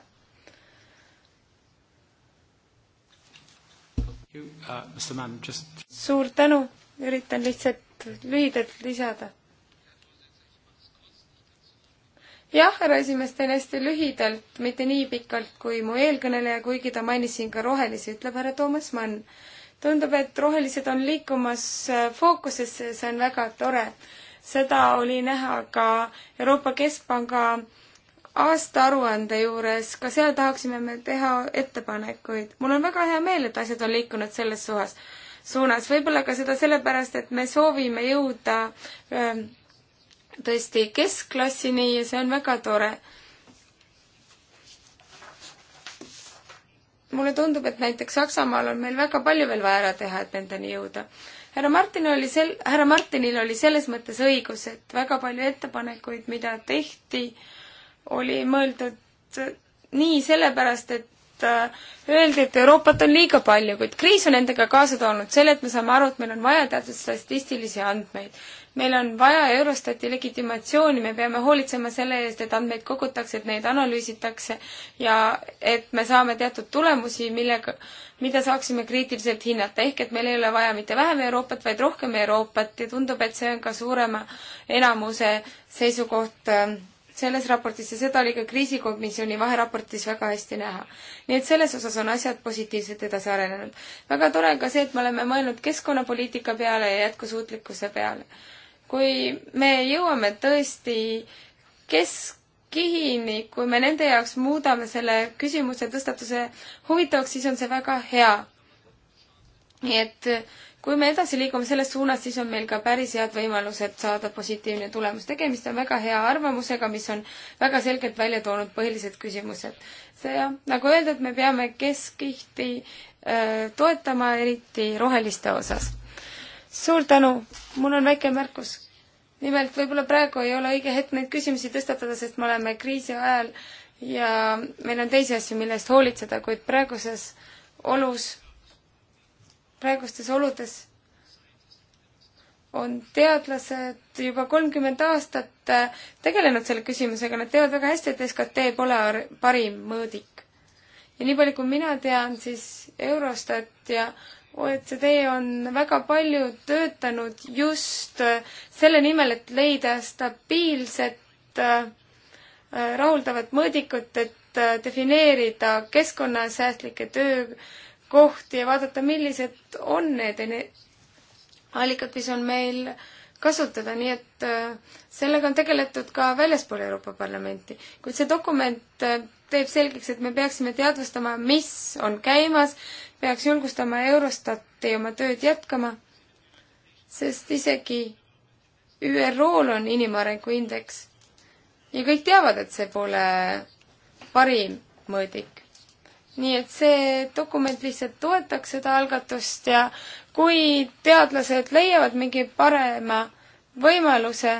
Uh, suur tänu, üritan lihtsalt tahtnud lühidalt lisada? jah, härra esimees, teen hästi lühidalt, mitte nii pikalt kui mu eelkõneleja, kuigi ta mainis siin ka rohelisi, ütleb härra Toomas Mann. tundub, et rohelised on liikumas äh, fookusesse ja see on väga tore. seda oli näha ka Euroopa Keskpanga aastaaruande juures, ka seal tahaksime me teha ettepanekuid. mul on väga hea meel, et asjad on liikunud selles suhas suunas, võib-olla ka seda sellepärast, et me soovime jõuda ähm, tõesti keskklassini ja see on väga tore. mulle tundub, et näiteks Saksamaal on meil väga palju veel vaja ära teha, et nendeni jõuda. härra Martin oli sel-, härra Martinil oli selles mõttes õigus, et väga palju ettepanekuid, mida tehti, oli mõeldud nii sellepärast, et Äh, öeldi, et Euroopat on liiga palju, kuid kriis on endaga kaasa toonud selle, et me saame aru, et meil on vaja teatud statistilisi andmeid. meil on vaja Eurostati legitimatsiooni, me peame hoolitsema selle eest, et andmeid kogutakse, et neid analüüsitakse ja et me saame teatud tulemusi, millega, mida saaksime kriitiliselt hinnata, ehk et meil ei ole vaja mitte vähem Euroopat, vaid rohkem Euroopat ja tundub, et see on ka suurema enamuse seisukoht äh, selles raportis ja seda oli ka kriisikomisjoni vaheraportis väga hästi näha. nii et selles osas on asjad positiivselt edasi arenenud. väga tore on ka see, et me oleme mõelnud keskkonnapoliitika peale ja jätkusuutlikkuse peale. kui me jõuame tõesti keskkihini, kui me nende jaoks muudame selle küsimuse tõstatuse huvitavaks, siis on see väga hea. nii et äh, kui me edasi liigume selles suunas, siis on meil ka päris head võimalused saada positiivne tulemus. tegemist on väga hea arvamusega, mis on väga selgelt välja toonud põhilised küsimused. see jah, nagu öeldud, me peame keskihti öö, äh, toetama, eriti roheliste osas. suur tänu, mul on väike märkus. nimelt võib-olla praegu ei ole õige hetk neid küsimusi tõstatada, sest me oleme kriisi ajal ja meil on teisi asju, mille eest hoolitseda, kuid praeguses olus praegustes oludes on teadlased juba kolmkümmend aastat äh, tegelenud selle küsimusega, nad teavad väga hästi, et SKT pole parim mõõdik. ja nii palju, kui mina tean, siis Eurostat ja OECD on väga palju töötanud just äh, selle nimel, et leida stabiilset äh, rahuldavat mõõdikut, et defineerida keskkonnasäästlikke töö, kohti ja vaadata, millised on need allikad, mis on meil kasutada, nii et äh, sellega on tegeletud ka väljaspool Euroopa Parlamenti. kuid see dokument äh, teeb selgeks, et me peaksime teadvustama, mis on käimas, peaks julgustama Eurostati oma tööd jätkama, sest isegi ÜRO-l on inimarengu indeks ja kõik teavad, et see pole parim mõõdik nii et see dokument lihtsalt toetaks seda algatust ja kui teadlased leiavad mingi parema võimaluse,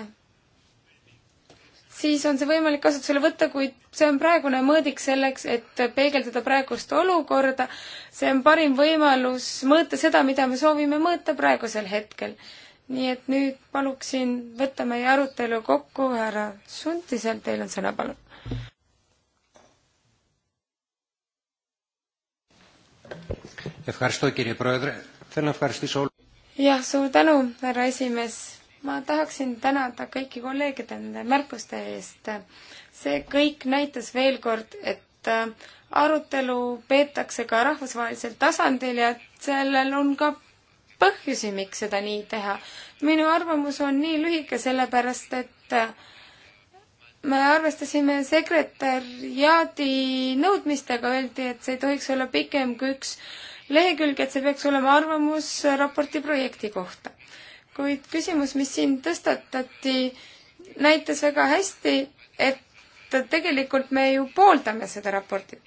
siis on see võimalik kasutusele võtta, kuid see on praegune mõõdik selleks, et peegeldada praegust olukorda. see on parim võimalus mõõta seda, mida me soovime mõõta praegusel hetkel. nii et nüüd paluksin võtta meie arutelu kokku, härra Suntisel, teil on sõna, palun. jah, suur tänu, härra esimees. ma tahaksin tänada kõiki kolleege nende märkuste eest. see kõik näitas veel kord, et äh, arutelu peetakse ka rahvusvahelisel tasandil ja et sellel on ka põhjusi, miks seda nii teha. minu arvamus on nii lühike, sellepärast et äh, me arvestasime sekretäriaadi nõudmistega, öeldi, et see ei tohiks olla pikem kui üks lehekülge, et see peaks olema arvamus raporti projekti kohta. kuid küsimus, mis siin tõstatati, näitas väga hästi, et tegelikult me ju pooldame seda raportit.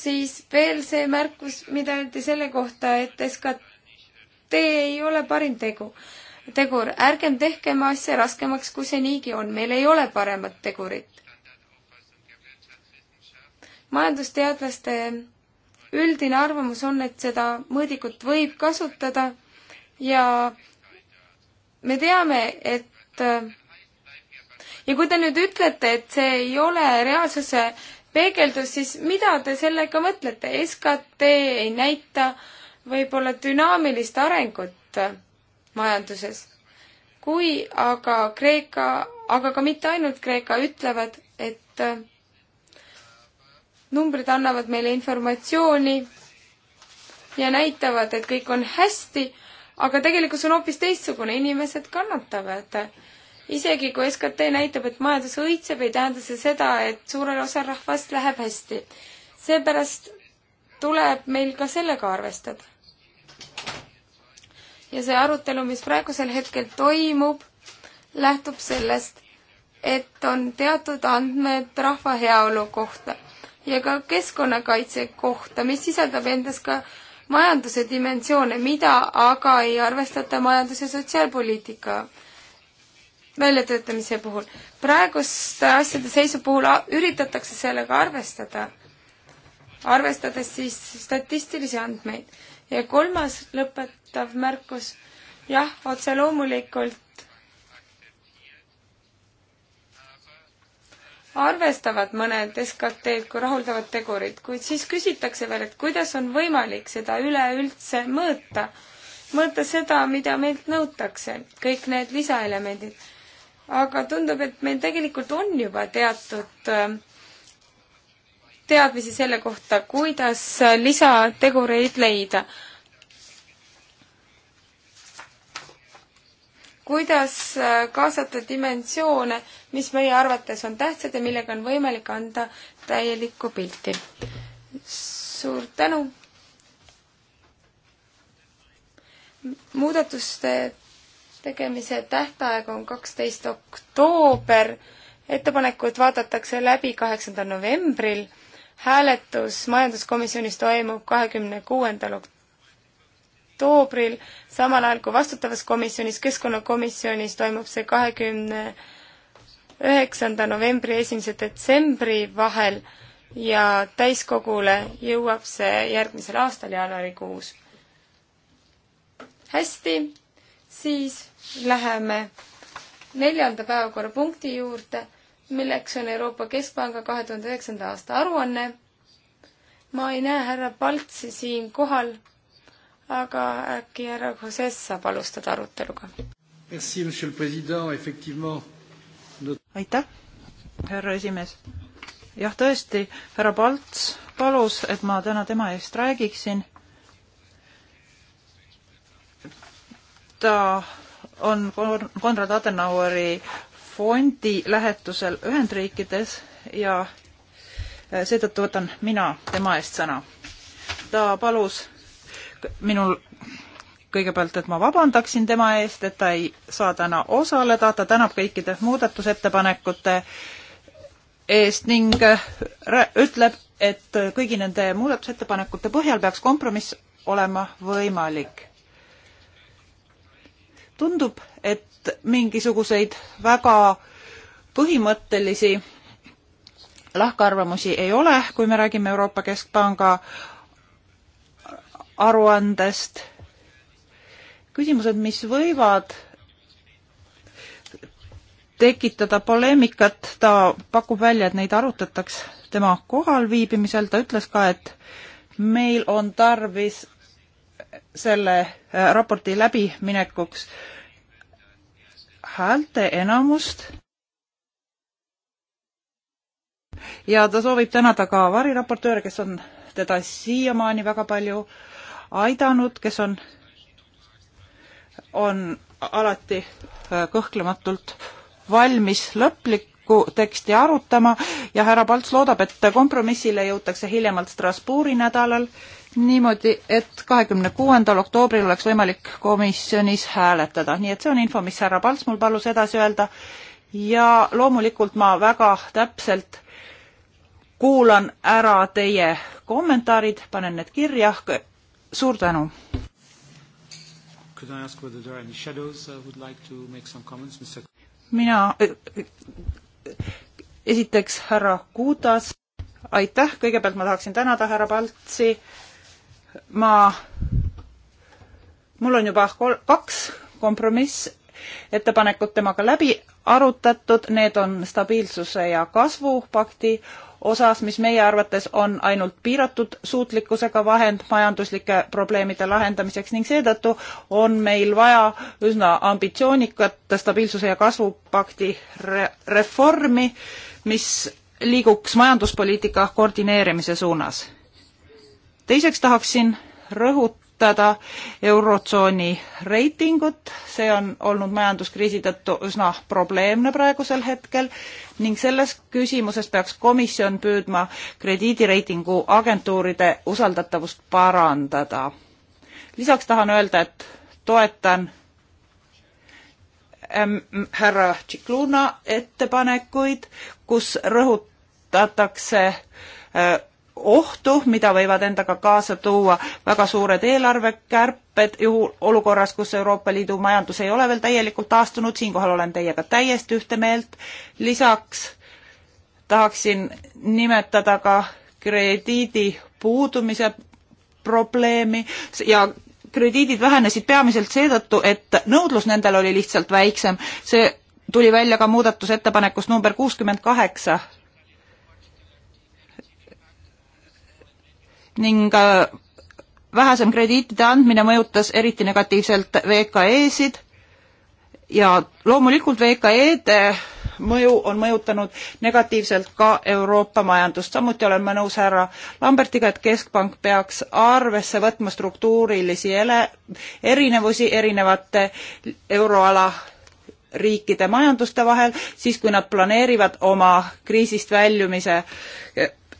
siis veel see märkus, mida öeldi selle kohta, et SKT ei ole parim tegu, tegur. ärgem tehkem asja raskemaks, kui see niigi on. meil ei ole paremat tegurit. majandusteadlaste üldine arvamus on, et seda mõõdikut võib kasutada ja me teame, et ja kui te nüüd ütlete, et see ei ole reaalsuse peegeldus, siis mida te sellega mõtlete? SKT ei näita võib-olla dünaamilist arengut majanduses. kui aga Kreeka, aga ka mitte ainult Kreeka ütlevad, et numbrid annavad meile informatsiooni ja näitavad, et kõik on hästi, aga tegelikkus on hoopis teistsugune, inimesed kannatavad. isegi kui SKT näitab, et majandus õitseb, ei tähenda see seda, et suurel osal rahvast läheb hästi. seepärast tuleb meil ka sellega arvestada. ja see arutelu, mis praegusel hetkel toimub, lähtub sellest, et on teatud andmed rahva heaolu kohta ja ka keskkonnakaitse kohta, mis sisaldab endas ka majanduse dimensioone, mida aga ei arvestata majandus- ja sotsiaalpoliitika väljatöötamise puhul. praeguste asjade seisu puhul üritatakse sellega arvestada, arvestades siis statistilisi andmeid. ja kolmas lõpetav märkus, jah, otse loomulikult arvestavad mõned SKT-d kui rahuldavat tegurit, kuid siis küsitakse veel, et kuidas on võimalik seda üleüldse mõõta, mõõta seda, mida meilt nõutakse, kõik need lisaelemendid. aga tundub, et meil tegelikult on juba teatud äh, teadmisi selle kohta, kuidas lisategureid leida kuidas äh, kaasata dimensioone, mis meie arvates on tähtsad ja millega on võimalik anda täielikku pilti. suur tänu! muudatuste tegemise tähtaeg on kaksteist oktoober, ettepanekud vaadatakse läbi kaheksandal novembril, hääletus majanduskomisjonis toimub kahekümne kuuendal oktoobril oktoobril, samal ajal kui vastutavas komisjonis, keskkonnakomisjonis toimub see kahekümne üheksanda novembri, esimese detsembri vahel ja täiskogule jõuab see järgmisel aastal jaanuarikuus. hästi, siis läheme neljanda päevakorrapunkti juurde, milleks on Euroopa Keskpanga kahe tuhande üheksanda aasta aruanne. ma ei näe härra Paltsi siin kohal aga äkki härra Koses saab alustada aruteluga. aitäh, härra esimees. jah, tõesti, härra Palts palus, et ma täna tema eest räägiksin. ta on Konrad Adenaueri fondi lähetusel Ühendriikides ja seetõttu võtan mina tema eest sõna. ta palus minul kõigepealt, et ma vabandaksin tema eest, et ta ei saa täna osaleda, ta tänab kõikide muudatusettepanekute eest ning äh, ütleb, et kõigi nende muudatusettepanekute põhjal peaks kompromiss olema võimalik. tundub, et mingisuguseid väga põhimõttelisi lahkarvamusi ei ole, kui me räägime Euroopa Keskpanga aruandest. küsimused, mis võivad tekitada poleemikat, ta pakub välja, et neid arutataks tema kohalviibimisel, ta ütles ka, et meil on tarvis selle äh, raporti läbiminekuks häälte enamust. ja ta soovib tänada ka variraportööre, kes on teda siiamaani väga palju äh, aidanud, kes on, on alati äh, kõhklematult valmis lõplikku teksti arutama ja härra Palts loodab, et kompromissile jõutakse hiljemalt Strasbourgi nädalal niimoodi, et kahekümne kuuendal oktoobril oleks võimalik komisjonis hääletada, nii et see on info, mis härra Palts mul palus edasi öelda. ja loomulikult ma väga täpselt kuulan ära teie kommentaarid, panen need kirja, suur tänu! Uh, mina, esiteks härra Kuutas, aitäh, kõigepealt ma tahaksin tänada härra Paltsi, ma, mul on juba kol-, kaks kompromiss ettepanekud temaga läbi arutatud, need on stabiilsuse ja kasvupakti osas, mis meie arvates on ainult piiratud suutlikkusega vahend majanduslike probleemide lahendamiseks ning seetõttu on meil vaja üsna ambitsioonikat stabiilsuse ja kasvupakti re reformi, mis liiguks majanduspoliitika koordineerimise suunas. teiseks tahaksin rõhutada, mõjutada Eurotsooni reitingut, see on olnud majanduskriisi tõttu üsna probleemne praegusel hetkel ning selles küsimuses peaks komisjon püüdma krediidireitingu agentuuride usaldatavust parandada. lisaks tahan öelda, et toetan ähm, härra Tšikluna ettepanekuid, kus rõhutatakse äh, ohtu, mida võivad endaga kaasa tuua väga suured eelarvekärped juhul olukorras, kus Euroopa Liidu majandus ei ole veel täielikult taastunud, siinkohal olen teiega täiesti ühte meelt. lisaks tahaksin nimetada ka krediidi puudumise probleemi ja krediidid vähenesid peamiselt seetõttu, et nõudlus nendel oli lihtsalt väiksem. see tuli välja ka muudatusettepanekust number kuuskümmend kaheksa ning äh, vähesem krediitide andmine mõjutas eriti negatiivselt VKE-sid ja loomulikult VKE-de mõju on mõjutanud negatiivselt ka Euroopa majandust. samuti olen ma nõus härra Lambertiga, et Keskpank peaks arvesse võtma struktuurilisi ele-, erinevusi erinevate euroala riikide majanduste vahel, siis kui nad planeerivad oma kriisist väljumise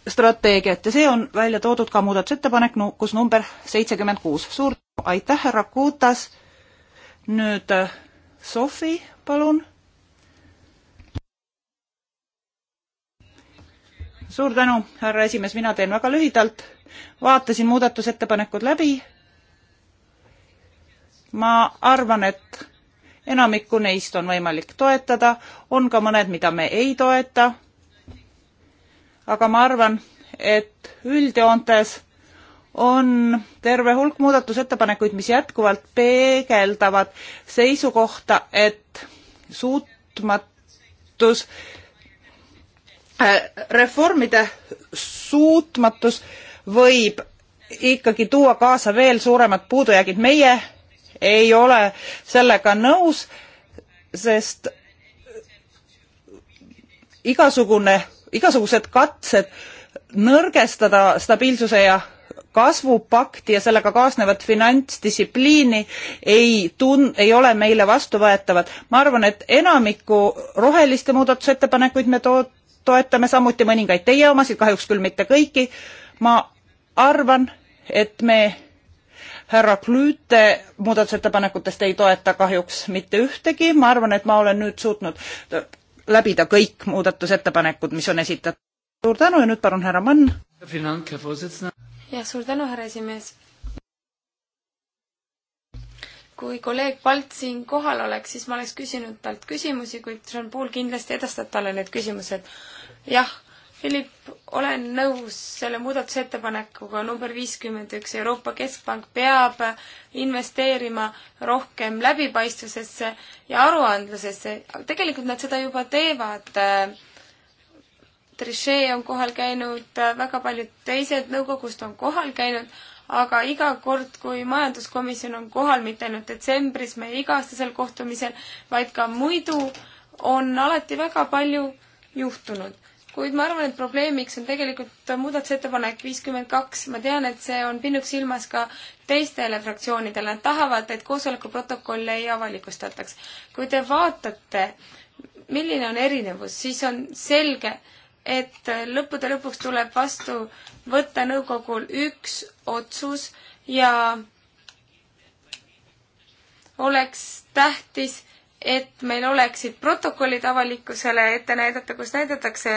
strateegiat ja see on välja toodud ka muudatusettepanek, kus number seitsekümmend kuus. suur aitäh, härra Kutas. nüüd äh, Sofi, palun. suur tänu, härra esimees, mina teen väga lühidalt. vaatasin muudatusettepanekud läbi. ma arvan, et enamikku neist on võimalik toetada, on ka mõned, mida me ei toeta aga ma arvan, et üldjoontes on terve hulk muudatusettepanekuid, mis jätkuvalt peegeldavad seisukohta, et suutmatus, äh, reformide suutmatus võib ikkagi tuua kaasa veel suuremad puudujäägid. meie ei ole sellega nõus, sest igasugune igasugused katsed nõrgestada stabiilsuse ja kasvupakti ja sellega kaasnevat finantsdistsipliini ei tun-, ei ole meile vastuvõetavad. ma arvan, et enamiku roheliste muudatusettepanekuid me to-, toetame, samuti mõningaid teie omasid, kahjuks küll mitte kõiki. ma arvan, et me härra Klüüte muudatusettepanekutest ei toeta kahjuks mitte ühtegi, ma arvan, et ma olen nüüd suutnud läbida kõik muudatusettepanekud, mis on esitatud. suur tänu ja nüüd palun härra Mann. jah, suur tänu, härra esimees. kui kolleeg Palt siin kohal oleks, siis ma oleks küsinud talt küsimusi, kuid Jean-Paul kindlasti edastab talle need küsimused. jah Philip, olen nõus selle muudatusettepanekuga number viiskümmend üks, Euroopa Keskpank peab investeerima rohkem läbipaistvusesse ja aruandlusesse. tegelikult nad seda juba teevad. Trichet on kohal käinud, väga paljud teised nõukogust on kohal käinud, aga iga kord, kui majanduskomisjon on kohal, mitte ainult detsembris meie iga-aastasel kohtumisel, vaid ka muidu, on alati väga palju juhtunud kuid ma arvan, et probleemiks on tegelikult muudatusettepanek viiskümmend kaks. ma tean, et see on pinnuks silmas ka teistele fraktsioonidele. Nad tahavad, et koosoleku protokolle ei avalikustataks. kui te vaatate, milline on erinevus, siis on selge, et lõppude lõpuks tuleb vastu võtta nõukogul üks otsus ja oleks tähtis, et meil oleksid protokollid avalikkusele ette näidata, kus näidatakse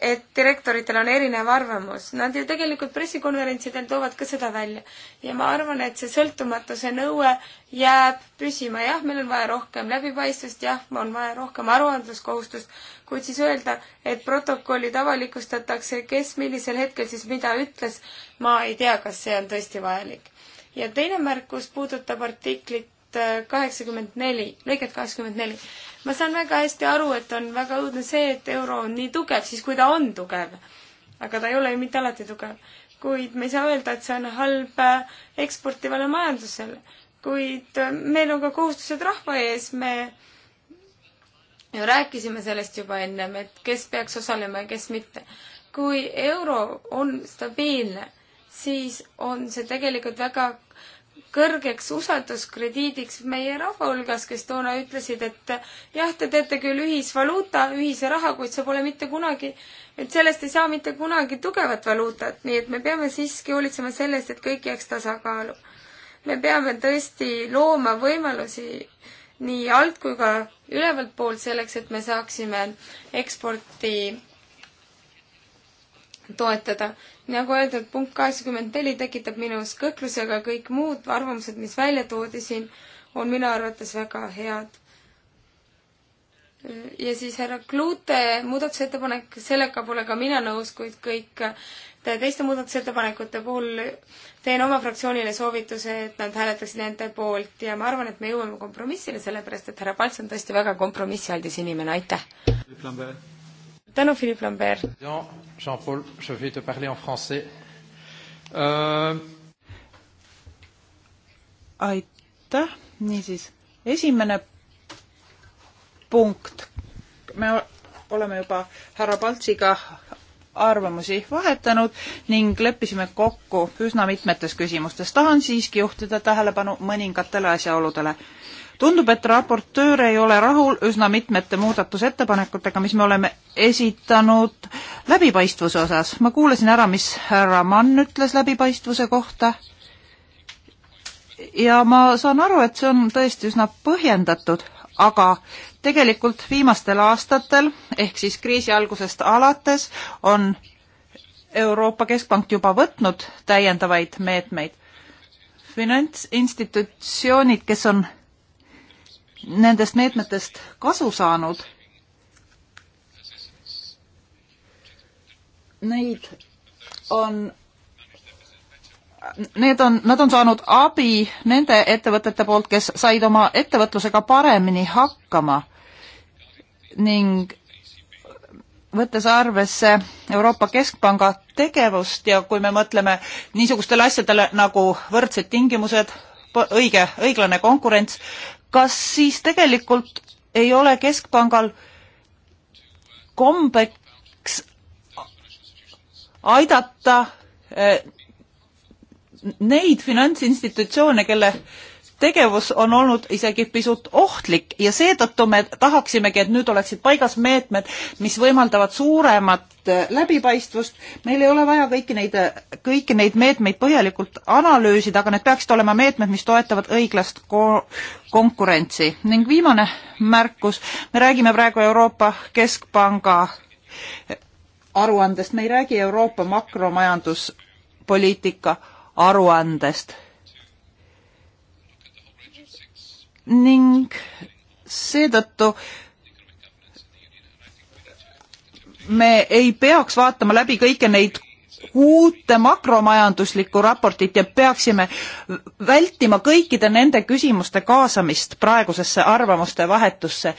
et direktoritel on erinev arvamus. Nad ju tegelikult pressikonverentsidel toovad ka seda välja. ja ma arvan, et see sõltumatuse nõue jääb püsima. jah, meil on vaja rohkem läbipaistvust, jah, on vaja rohkem aruandluskohustust, kuid siis öelda, et protokollid avalikustatakse, kes millisel hetkel siis mida ütles, ma ei tea, kas see on tõesti vajalik. ja teine märkus puudutab artiklit äh, kaheksakümmend neli, lõiget kakskümmend neli ma saan väga hästi aru, et on väga õudne see, et euro on nii tugev, siis kui ta on tugev. aga ta ei ole ju mitte alati tugev. kuid me ei saa öelda, et see on halb äh, eksportivale majandusele. kuid äh, meil on ka kohustused rahva ees, me ju rääkisime sellest juba ennem, et kes peaks osalema ja kes mitte. kui euro on stabiilne, siis on see tegelikult väga kõrgeks usalduskrediidiks meie rahva hulgas, kes toona ütlesid, et jah, te teete küll ühisvaluuta, ühise raha, kuid see pole mitte kunagi, et sellest ei saa mitte kunagi tugevat valuutat, nii et me peame siiski hoolitsema selle eest, et kõik jääks tasakaalu. me peame tõesti looma võimalusi nii alt kui ka ülevalt poolt selleks, et me saaksime eksporti toetada. nagu öeldud, punkt kaheksakümmend neli tekitab minus kõhklusi, aga kõik muud arvamused, mis välja toodi siin, on minu arvates väga head. ja siis härra Klute muudatusettepanek, sellega pole ka mina nõus, kuid kõik teiste muudatusettepanekute puhul teen oma fraktsioonile soovituse, et nad hääletaksid nende poolt ja ma arvan, et me jõuame kompromissile, sellepärast et härra Palts on tõesti väga kompromissialdis inimene, aitäh! tänu, Philippe Lambert. Jean-Paul, je vais te parler en français euh.... aitäh, niisiis, esimene punkt. me oleme juba härra Paltsiga arvamusi vahetanud ning leppisime kokku üsna mitmetes küsimustes. tahan siiski juhtida tähelepanu mõningatele asjaoludele tundub, et raportöör ei ole rahul üsna mitmete muudatusettepanekutega, mis me oleme esitanud läbipaistvuse osas. ma kuulasin ära, mis härra Mann ütles läbipaistvuse kohta ja ma saan aru, et see on tõesti üsna põhjendatud, aga tegelikult viimastel aastatel ehk siis kriisi algusest alates on Euroopa Keskpank juba võtnud täiendavaid meetmeid. finantsinstitutsioonid, kes on nendest meetmetest kasu saanud. Neid on, need on, nad on saanud abi nende ettevõtete poolt, kes said oma ettevõtlusega paremini hakkama ning võttes arvesse Euroopa Keskpanga tegevust ja kui me mõtleme niisugustele asjadele nagu võrdsed tingimused, õige, õiglane konkurents, kas siis tegelikult ei ole Keskpangal kombeks aidata eh, neid finantsinstitutsioone, kelle tegevus on olnud isegi pisut ohtlik ja seetõttu me tahaksimegi, et nüüd oleksid paigas meetmed, mis võimaldavad suuremat äh, läbipaistvust. meil ei ole vaja kõiki neid, äh, kõiki neid meetmeid põhjalikult analüüsida, aga need peaksid olema meetmed, mis toetavad õiglast ko konkurentsi. ning viimane märkus, me räägime praegu Euroopa Keskpanga äh, aruandest, me ei räägi Euroopa makromajanduspoliitika aruandest ning seetõttu me ei peaks vaatama läbi kõiki neid uute makromajanduslikku raportit ja peaksime vältima kõikide nende küsimuste kaasamist praegusesse arvamuste vahetusse.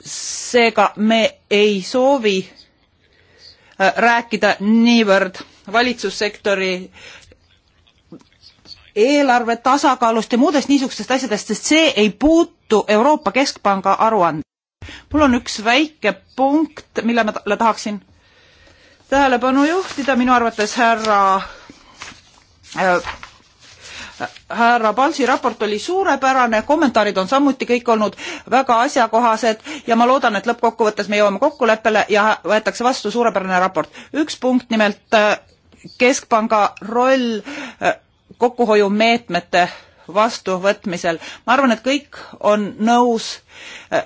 seega me ei soovi äh, rääkida niivõrd valitsussektori eelarve tasakaalust ja muudest niisugustest asjadest, sest see ei puutu Euroopa Keskpanga aruande. mul on üks väike punkt, mille ma tahaksin tähelepanu juhtida, minu arvates härra äh, härra Palsi raport oli suurepärane, kommentaarid on samuti kõik olnud väga asjakohased ja ma loodan, et lõppkokkuvõttes me jõuame kokkuleppele ja võetakse vastu suurepärane raport. üks punkt nimelt äh, keskpanga roll äh, kokkuhoiumeetmete vastuvõtmisel. ma arvan, et kõik on nõus äh,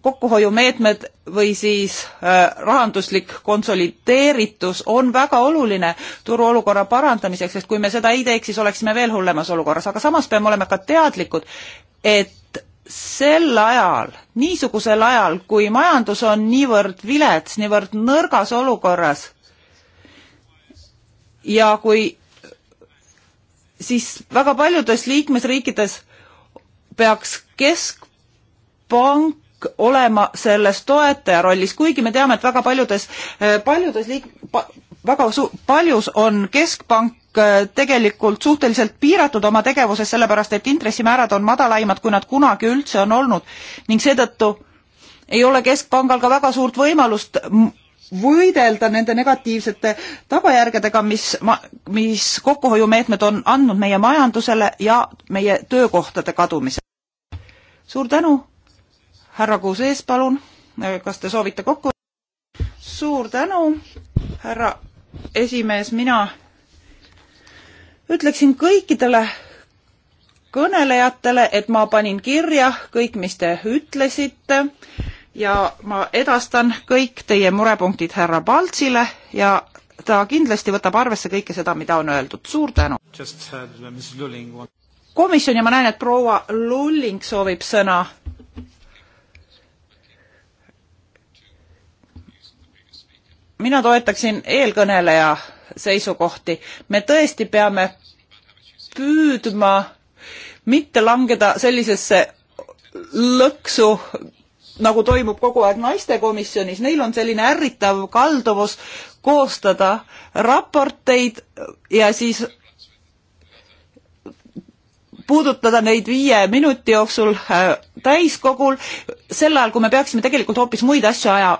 kokkuhoiumeetmed või siis äh, rahanduslik konsolideeritus on väga oluline turuolukorra parandamiseks, sest kui me seda ei teeks, siis oleksime veel hullemas olukorras, aga samas peame olema ka teadlikud, et sel ajal, niisugusel ajal, kui majandus on niivõrd vilets, niivõrd nõrgas olukorras ja kui siis väga paljudes liikmesriikides peaks keskpank olema selles toetaja rollis, kuigi me teame, et väga paljudes, eh, paljudes liik-, pa, väga su-, paljus on keskpank eh, tegelikult suhteliselt piiratud oma tegevuses, sellepärast et intressimäärad on madalaimad, kui nad kunagi üldse on olnud ning seetõttu ei ole keskpangal ka väga suurt võimalust võidelda nende negatiivsete tagajärgedega, mis, mis kokkuhoiumeetmed on andnud meie majandusele ja meie töökohtade kadumisele. suur tänu, härra Kuusees, palun, kas te soovite kokku? suur tänu, härra esimees, mina ütleksin kõikidele kõnelejatele, et ma panin kirja kõik, mis te ütlesite ja ma edastan kõik teie murepunktid härra Paltsile ja ta kindlasti võtab arvesse kõike seda, mida on öeldud. suur tänu! Uh, komisjon ja ma näen, et proua Lulling soovib sõna. mina toetaksin eelkõneleja seisukohti. me tõesti peame püüdma mitte langeda sellisesse lõksu, nagu toimub kogu aeg naistekomisjonis, neil on selline ärritav kalduvus koostada raporteid ja siis puudutada neid viie minuti jooksul äh, täiskogul, sel ajal, kui me peaksime tegelikult hoopis muid asju aja,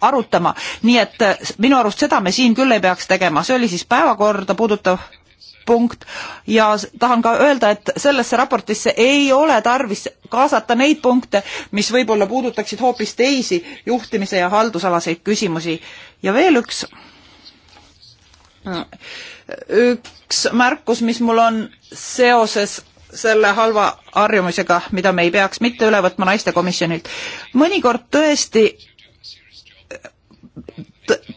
arutama. nii et äh, minu arust seda me siin küll ei peaks tegema, see oli siis päevakorda puudutav punkt ja tahan ka öelda, et sellesse raportisse ei ole tarvis kaasata neid punkte, mis võib-olla puudutaksid hoopis teisi juhtimise ja haldusalaseid küsimusi. ja veel üks, üks märkus, mis mul on seoses selle halva harjumusega, mida me ei peaks mitte üle võtma naistekomisjonilt. mõnikord tõesti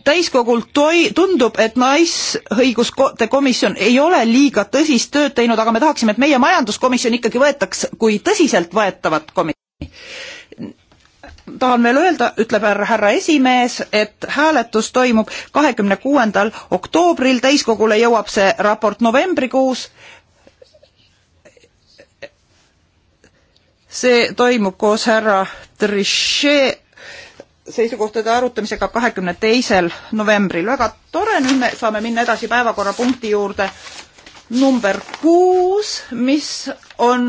täiskogult toi-, tundub, et Naisõiguste komisjon ei ole liiga tõsist tööd teinud, aga me tahaksime, et meie majanduskomisjon ikkagi võetaks kui tõsiseltvõetavat komisjoni. tahan veel öelda, ütleb härra esimees, et hääletus toimub kahekümne kuuendal oktoobril, täiskogule jõuab see raport novembrikuus, see toimub koos härra Trichet seisukohtade arutamisega kahekümne teisel novembril. väga tore, nüüd me saame minna edasi päevakorrapunkti juurde number kuus, mis on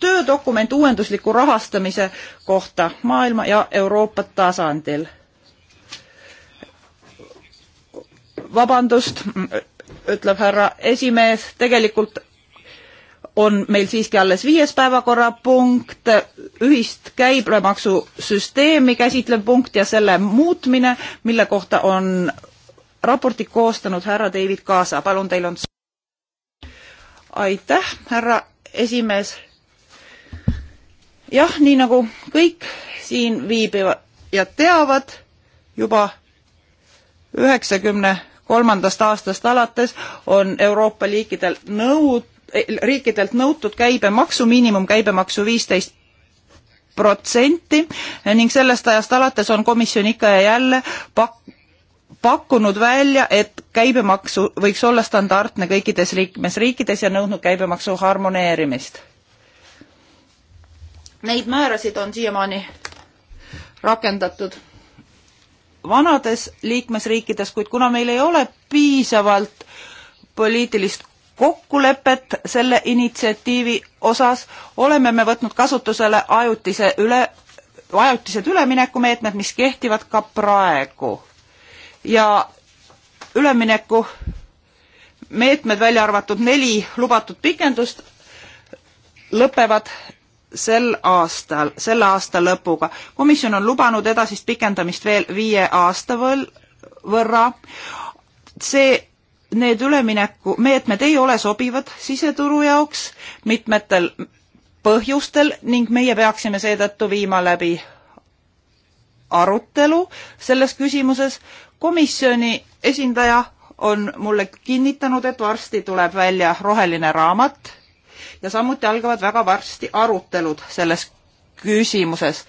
töödokument uuendusliku rahastamise kohta maailma ja Euroopa tasandil. vabandust, ütleb härra esimees, tegelikult on meil siiski alles viies päevakorrapunkt, ühist käibemaksusüsteemi käsitlev punkt ja selle muutmine, mille kohta on raporti koostanud härra David Kaasa, palun, teil on aitäh, härra esimees. jah, nii nagu kõik siin viibijad teavad, juba üheksakümne kolmandast aastast alates on Euroopa liikidel nõud riikidelt nõutud käibemaksu, miinimumkäibemaksu viisteist protsenti ning sellest ajast alates on komisjon ikka ja jälle pak-, pakkunud välja, et käibemaksu võiks olla standardne kõikides liikmesriikides ja nõudnud käibemaksu harmoneerimist. Neid määrasid on siiamaani rakendatud vanades liikmesriikides, kuid kuna meil ei ole piisavalt poliitilist kokkulepet selle initsiatiivi osas oleme me võtnud kasutusele ajutise üle, ajutised üleminekumeetmed, mis kehtivad ka praegu. ja ülemineku meetmed, välja arvatud neli lubatud pikendust, lõpevad sel aastal, selle aasta lõpuga. komisjon on lubanud edasist pikendamist veel viie aasta võl-, võrra. see need üleminekumeetmed ei ole sobivad siseturu jaoks mitmetel põhjustel ning meie peaksime seetõttu viima läbi arutelu selles küsimuses. komisjoni esindaja on mulle kinnitanud, et varsti tuleb välja roheline raamat ja samuti algavad väga varsti arutelud selles küsimuses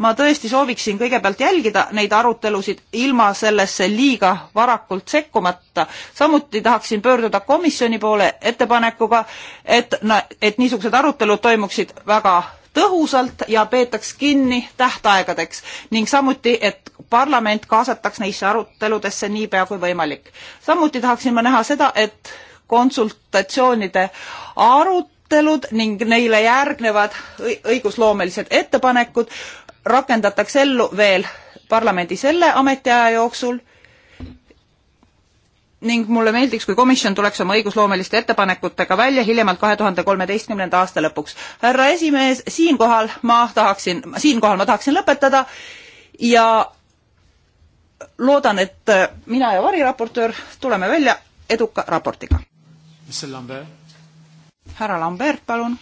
ma tõesti sooviksin kõigepealt jälgida neid arutelusid ilma sellesse liiga varakult sekkumata. samuti tahaksin pöörduda komisjoni poole ettepanekuga, et, et niisugused arutelud toimuksid väga tõhusalt ja peetaks kinni tähtaegadeks ning samuti, et parlament kaasataks neisse aruteludesse niipea kui võimalik. samuti tahaksin ma näha seda, et konsultatsioonide arutelud ning neile järgnevad õigusloomelised ettepanekud rakendatakse ellu veel parlamendi selle ametiaja jooksul ning mulle meeldiks, kui komisjon tuleks oma õigusloomeliste ettepanekutega välja hiljemalt kahe tuhande kolmeteistkümnenda aasta lõpuks. härra esimees, siinkohal ma tahaksin, siinkohal ma tahaksin lõpetada ja loodan, et äh, mina ja variraportöör tuleme välja eduka raportiga. härra Lambert, palun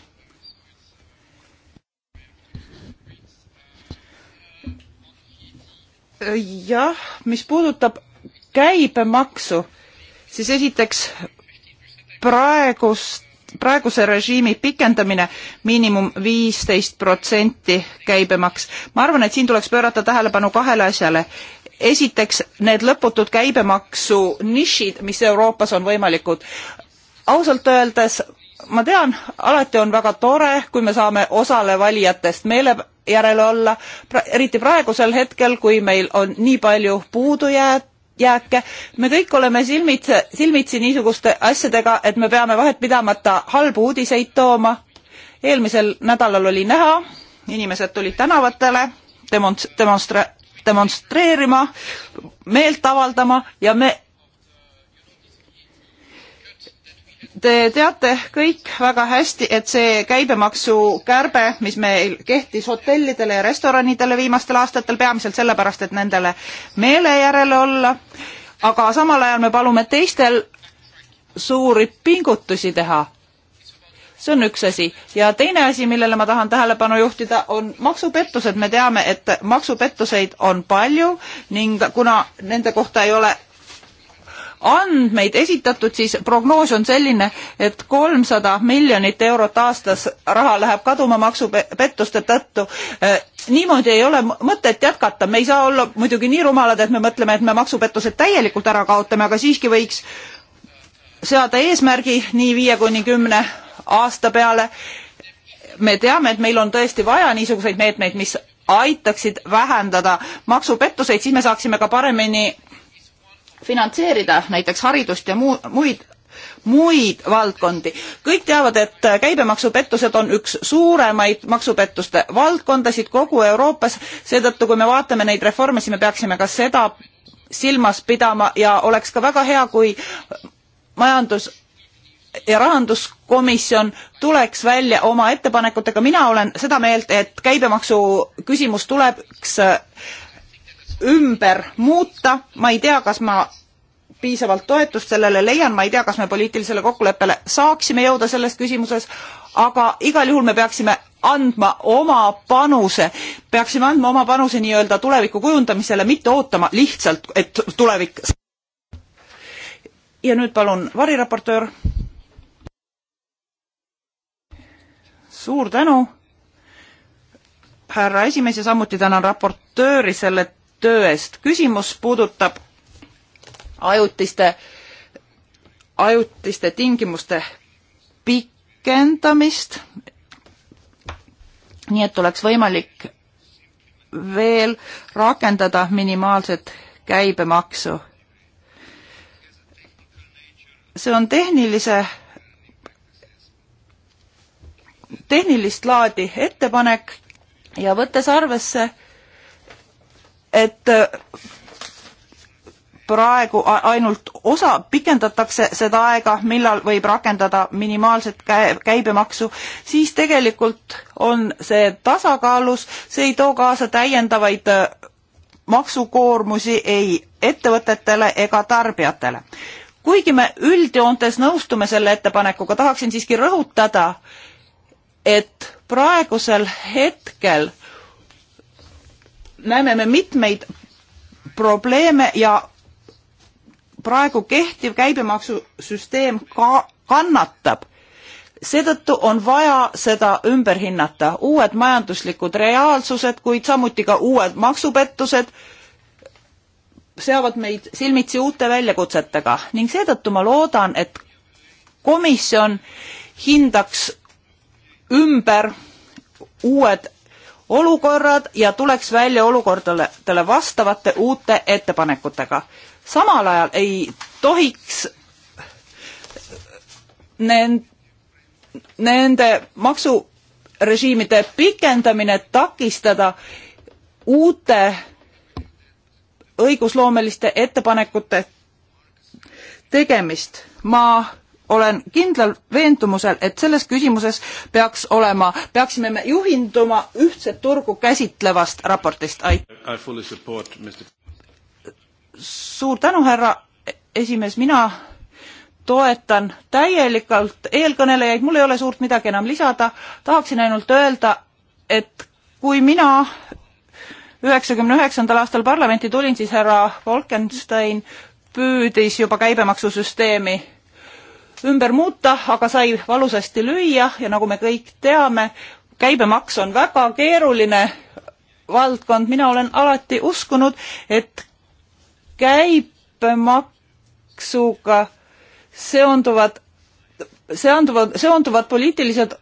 jah, mis puudutab käibemaksu, siis esiteks praegust, praeguse režiimi pikendamine miinimum viisteist protsenti käibemaks. ma arvan, et siin tuleks pöörata tähelepanu kahele asjale. esiteks need lõputud käibemaksu nišid, mis Euroopas on võimalikud. ausalt öeldes ma tean, alati on väga tore, kui me saame osale valijatest meele järele olla, eriti praegusel hetkel, kui meil on nii palju puudujääke, jääke. me kõik oleme silmitsi, silmitsi niisuguste asjadega, et me peame vahetpidamata halbu uudiseid tooma. eelmisel nädalal oli näha, inimesed tulid tänavatele demonst-, demonstre-, demonstreerima, meelt avaldama ja me Te teate kõik väga hästi, et see käibemaksukärbe, mis meil kehtis hotellidele ja restoranidele viimastel aastatel, peamiselt sellepärast, et nendele meele järele olla, aga samal ajal me palume teistel suuri pingutusi teha. see on üks asi ja teine asi, millele ma tahan tähelepanu juhtida, on maksupettused. me teame, et maksupettuseid on palju ning kuna nende kohta ei ole andmeid esitatud, siis prognoos on selline, et kolmsada miljonit eurot aastas raha läheb kaduma maksupettuste tõttu. Äh, niimoodi ei ole mõtet jätkata, me ei saa olla muidugi nii rumalad, et me mõtleme, et me maksupettused täielikult ära kaotame, aga siiski võiks seada eesmärgi nii viie kuni kümne aasta peale. me teame, et meil on tõesti vaja niisuguseid meetmeid, mis aitaksid vähendada maksupettuseid, siis me saaksime ka paremini finantseerida näiteks haridust ja muu, muid muid valdkondi. kõik teavad, et käibemaksupettused on üks suuremaid maksupettuste valdkondasid kogu Euroopas, seetõttu kui me vaatame neid reforme, siis me peaksime ka seda silmas pidama ja oleks ka väga hea, kui majandus ja rahanduskomisjon tuleks välja oma ettepanekutega. mina olen seda meelt, et käibemaksu küsimus tuleks ümber muuta, ma ei tea, kas ma piisavalt toetust sellele leian, ma ei tea, kas me poliitilisele kokkuleppele saaksime jõuda selles küsimuses, aga igal juhul me peaksime andma oma panuse, peaksime andma oma panuse nii-öelda tuleviku kujundamisele, mitte ootama lihtsalt, et tulevik. ja nüüd palun variraportöör. suur tänu, härra esimees ja samuti tänan raportööri selle töö eest. küsimus puudutab ajutiste, ajutiste tingimuste pikendamist, nii et oleks võimalik veel rakendada minimaalset käibemaksu. see on tehnilise, tehnilist laadi ettepanek ja võttes arvesse et äh, praegu ainult osa, pikendatakse seda aega, millal võib rakendada minimaalset käibemaksu, siis tegelikult on see tasakaalus, see ei too kaasa täiendavaid äh, maksukoormusi ei ettevõtetele ega tarbijatele. kuigi me üldjoontes nõustume selle ettepanekuga, tahaksin siiski rõhutada, et praegusel hetkel äh, näeme me mitmeid probleeme ja praegu kehtiv käibemaksusüsteem ka kannatab. seetõttu on vaja seda ümber hinnata, uued majanduslikud reaalsused, kuid samuti ka uued maksupettused seavad meid silmitsi uute väljakutsetega ning seetõttu ma loodan, et komisjon hindaks ümber uued olukorrad ja tuleks välja olukordadele vastavate uute ettepanekutega. samal ajal ei tohiks nend-, nende maksurežiimide pikendamine takistada uute õigusloomeliste ettepanekute tegemist. ma olen kindlal veendumusel, et selles küsimuses peaks olema, peaksime me juhinduma ühtset turgu käsitlevast raportist. suur tänu, härra esimees, mina toetan täielikult eelkõnelejaid, mul ei ole suurt midagi enam lisada, tahaksin ainult öelda, et kui mina üheksakümne üheksandal aastal parlamenti tulin, siis härra Wolkenstein püüdis juba käibemaksusüsteemi ümber muuta, aga sai valusasti lüüa ja nagu me kõik teame, käibemaks on väga keeruline valdkond, mina olen alati uskunud, et käibemaksuga seonduvad, seonduvad, seonduvad poliitilised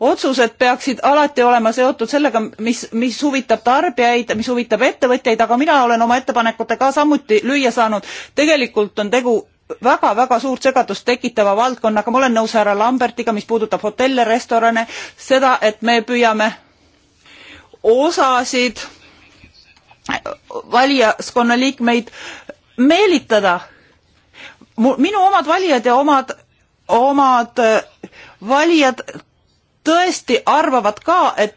otsused peaksid alati olema seotud sellega, mis, mis huvitab tarbijaid, mis huvitab ettevõtjaid, aga mina olen oma ettepanekutega samuti lüüa saanud. tegelikult on tegu väga-väga suurt segadust tekitava valdkonnaga, ma olen nõus härra Lambertiga, mis puudutab hotelle, restorane, seda, et me püüame osasid valijaskonna liikmeid meelitada. minu omad valijad ja omad, omad äh, valijad tõesti arvavad ka, et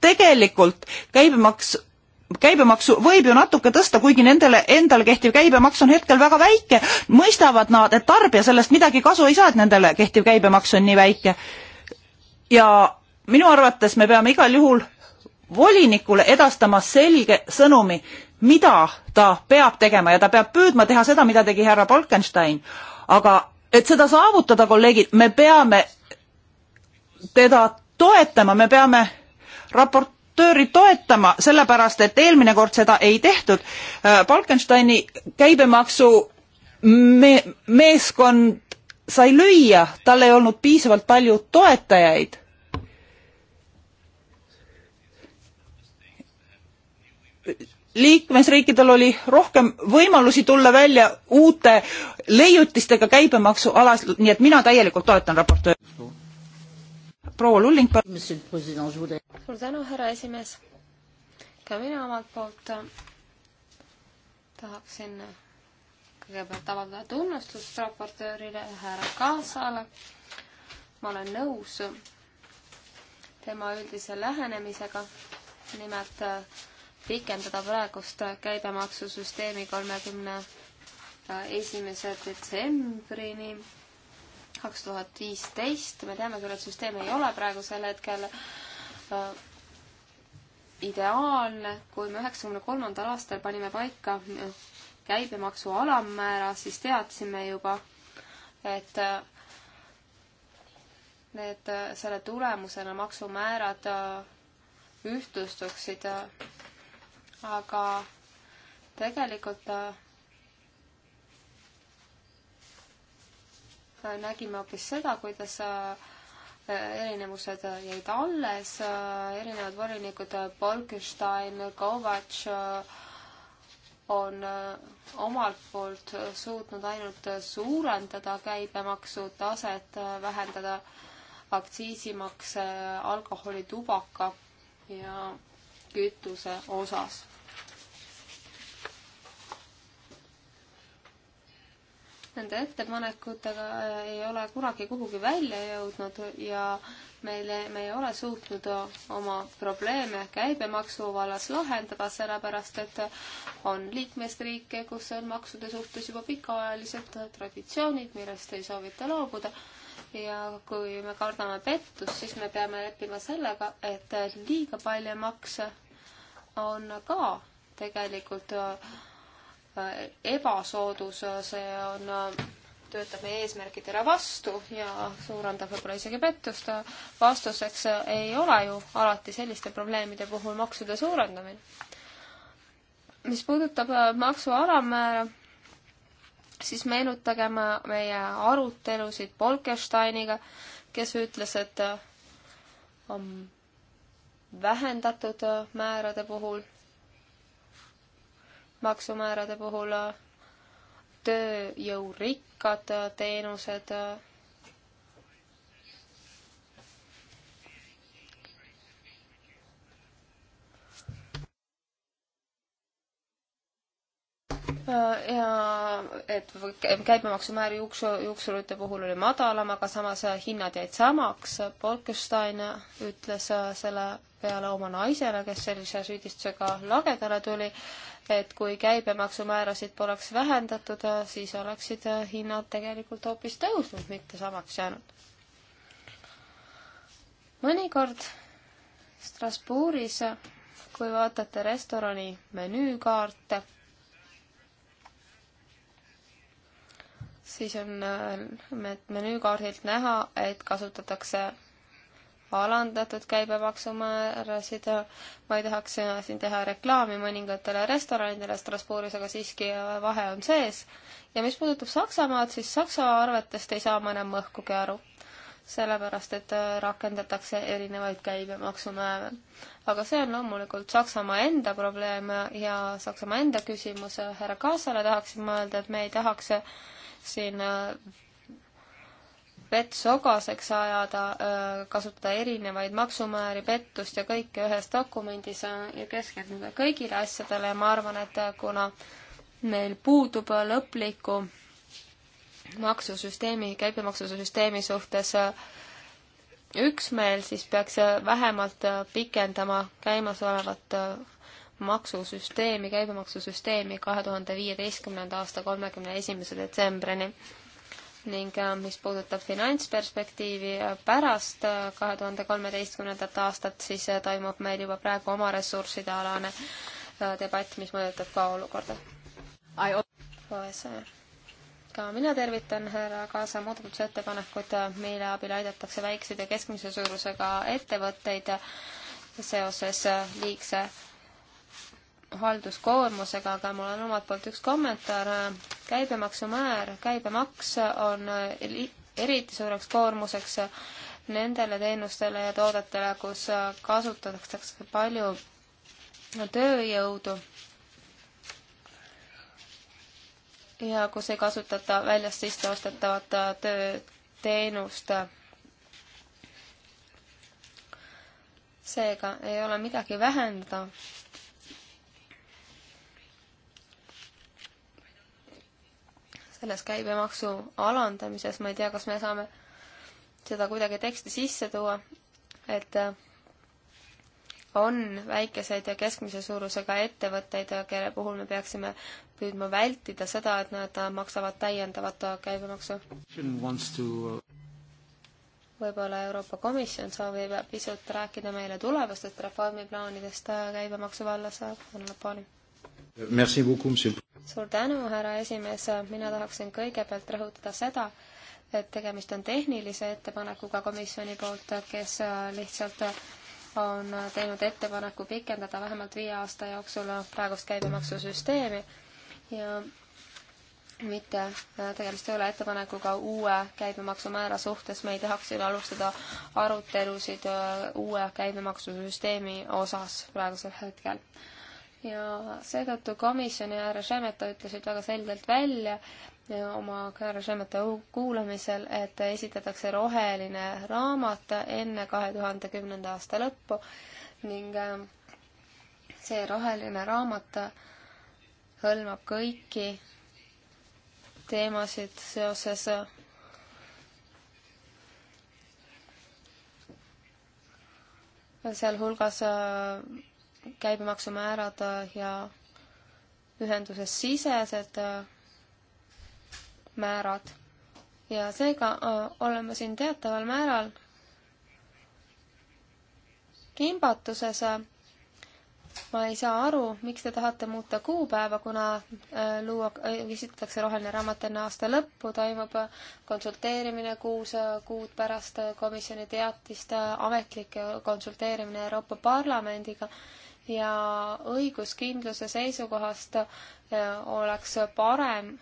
tegelikult käibemaks käibemaksu võib ju natuke tõsta, kuigi nendele endale kehtiv käibemaks on hetkel väga väike, mõistavad nad, et tarbija sellest midagi kasu ei saa, et nendele kehtiv käibemaks on nii väike. ja minu arvates me peame igal juhul volinikule edastama selge sõnumi, mida ta peab tegema ja ta peab püüdma teha seda, mida tegi härra Bolkenstein. aga et seda saavutada, kolleegid, me peame teda toetama, me peame raport-, raportööri toetama, sellepärast et eelmine kord seda ei tehtud. Äh, Falkensteini käibemaksu me meeskond sai lüüa, tal ei olnud piisavalt palju toetajaid. liikmesriikidel oli rohkem võimalusi tulla välja uute leiutistega käibemaksu alas, nii et mina täielikult toetan raportööri proua Lulling. suur tänu, härra esimees. ka mina omalt poolt äh, tahaksin äh, kõigepealt avaldada tunnustust raportöörile härra Kaasale. ma olen nõus äh, tema üldise lähenemisega, nimelt pikendada praegust käibemaksusüsteemi kolmekümne esimese detsembrini kaks tuhat viisteist, me teame küll, et süsteem ei ole praegusel hetkel äh, ideaalne, kui me üheksakümne kolmandal aastal panime paika äh, käibemaksu alammäära, siis teadsime juba, et äh, need, selle tulemusena maksumäärad ühtlustuksid. aga tegelikult nägime hoopis seda, kuidas äh, erinevused jäid alles, äh, erinevad volinikud äh, Bolkestein, Kovatš on omalt poolt suutnud ainult suurendada käibemaksu taset, vähendada aktsiisimakse alkoholi, tubaka ja kütuse osas nende ettepanekutega ei ole kunagi kuhugi välja jõudnud ja meile, me ei ole suutnud oma probleeme käibemaksu vallas lahendada, sellepärast et on liikmesriike, kus on maksude suhtes juba pikaajalised traditsioonid, millest ei soovita loobuda. ja kui me kardame pettust, siis me peame leppima sellega, et liiga palju makse on ka tegelikult Äh, ebasoodus, äh, see on, äh, töötab meie eesmärkidele vastu ja suurendab võib-olla isegi pettust. vastuseks ei ole ju alati selliste probleemide puhul maksude suurendamine. mis puudutab maksu alammäära, siis meenutagem meie arutelusid Bolkesteiniga, kes ütles, et vähendatud määrade puhul maksumäärade puhul, tööjõurikkad teenused, ja et käibemaksumäär juuksu, juuksurite puhul oli madalam, aga samas hinnad jäid samaks. Bolkestein ütles selle peale oma naisele, kes sellise süüdistusega lagedale tuli, et kui käibemaksumäärasid poleks vähendatud, siis oleksid hinnad tegelikult hoopis tõusnud, mitte samaks jäänud. mõnikord Strasbourgis, kui vaatate restorani menüükaarte, siis on äh, menüükaardilt näha, et kasutatakse alandatud käibemaksumäärasid, ma ei tahaks siin teha reklaami mõningatele restoranidele Strasbourgis, aga siiski vahe on sees. ja mis puudutab Saksamaad, siis Saksa arvetest ei saa ma enam õhkugi aru, sellepärast et rakendatakse erinevaid käibemaksumääre. aga see on loomulikult Saksamaa enda probleem ja Saksamaa enda küsimus. härra Kaasale tahaksin ma öelda, et me ei tahaks siin vett sogaseks ajada, kasutada erinevaid maksumääri, pettust ja kõike ühes dokumendis äh, ja keskenduda kõigile asjadele ja ma arvan, et äh, kuna meil puudub äh, lõpliku maksusüsteemi, käibemaksusüsteemi suhtes üksmeel, siis peaks vähemalt pikendama käimasolevat maksusüsteemi, käibemaksusüsteemi kahe tuhande viieteistkümnenda aasta kolmekümne esimese detsembrini ning äh, mis puudutab finantsperspektiivi äh, pärast äh, kahe tuhande kolmeteistkümnendat aastat, siis toimub meil juba praegu oma ressursside alane debatt, mis mõjutab ka olukorda. ka mina tervitan härra Kaasa muudatusettepanekut, mille abil aidatakse väikseid ja keskmise suurusega ettevõtteid seoses liigse halduskoormusega, aga mul on omalt poolt üks kommentaar. käibemaksumäär, käibemaks on eriti suureks koormuseks nendele teenustele ja toodetele, kus kasutatakse palju tööjõudu ja kus ei kasutata väljast sisse ostetavat tööteenust. seega ei ole midagi vähendada selles käibemaksu alandamises, ma ei tea, kas me saame seda kuidagi teksti sisse tuua, et äh, on väikeseid ja keskmise suurusega ettevõtteid, kelle puhul me peaksime püüdma vältida seda, et nad maksavad täiendavat käibemaksu. Uh, võib-olla Euroopa Komisjon soovib pisut rääkida meile tulevastest reformiplaanidest käibemaksu vallas, Anna Paali suur tänu, härra esimees, mina tahaksin kõigepealt rõhutada seda, et tegemist on tehnilise ettepanekuga komisjoni poolt, kes lihtsalt on teinud ettepaneku pikendada vähemalt viie aasta jooksul praegust käibemaksusüsteemi ja mitte, tegemist ei ole ettepanekuga uue käibemaksumäära suhtes, me ei tahaks siin alustada arutelusid uue käibemaksusüsteemi osas praegusel hetkel ja seetõttu komisjon ja härra Šemeta ütlesid väga selgelt välja oma härra Šemeta kuulamisel, et esitatakse roheline raamat enne kahe tuhande kümnenda aasta lõppu ning ähm, see roheline raamat hõlmab kõiki teemasid seoses äh, sealhulgas äh, käibemaksumäärad äh, ja ühenduse sisesed äh, määrad ja seega äh, oleme siin teataval määral kimbatuses. ma ei saa aru, miks te tahate muuta kuupäeva, kuna luua, visitatakse roheline raamat enne aasta lõppu, toimub konsulteerimine kuus kuud pärast komisjoni teatist, ametlik konsulteerimine Euroopa Parlamendiga ja õiguskindluse seisukohast äh, oleks parem,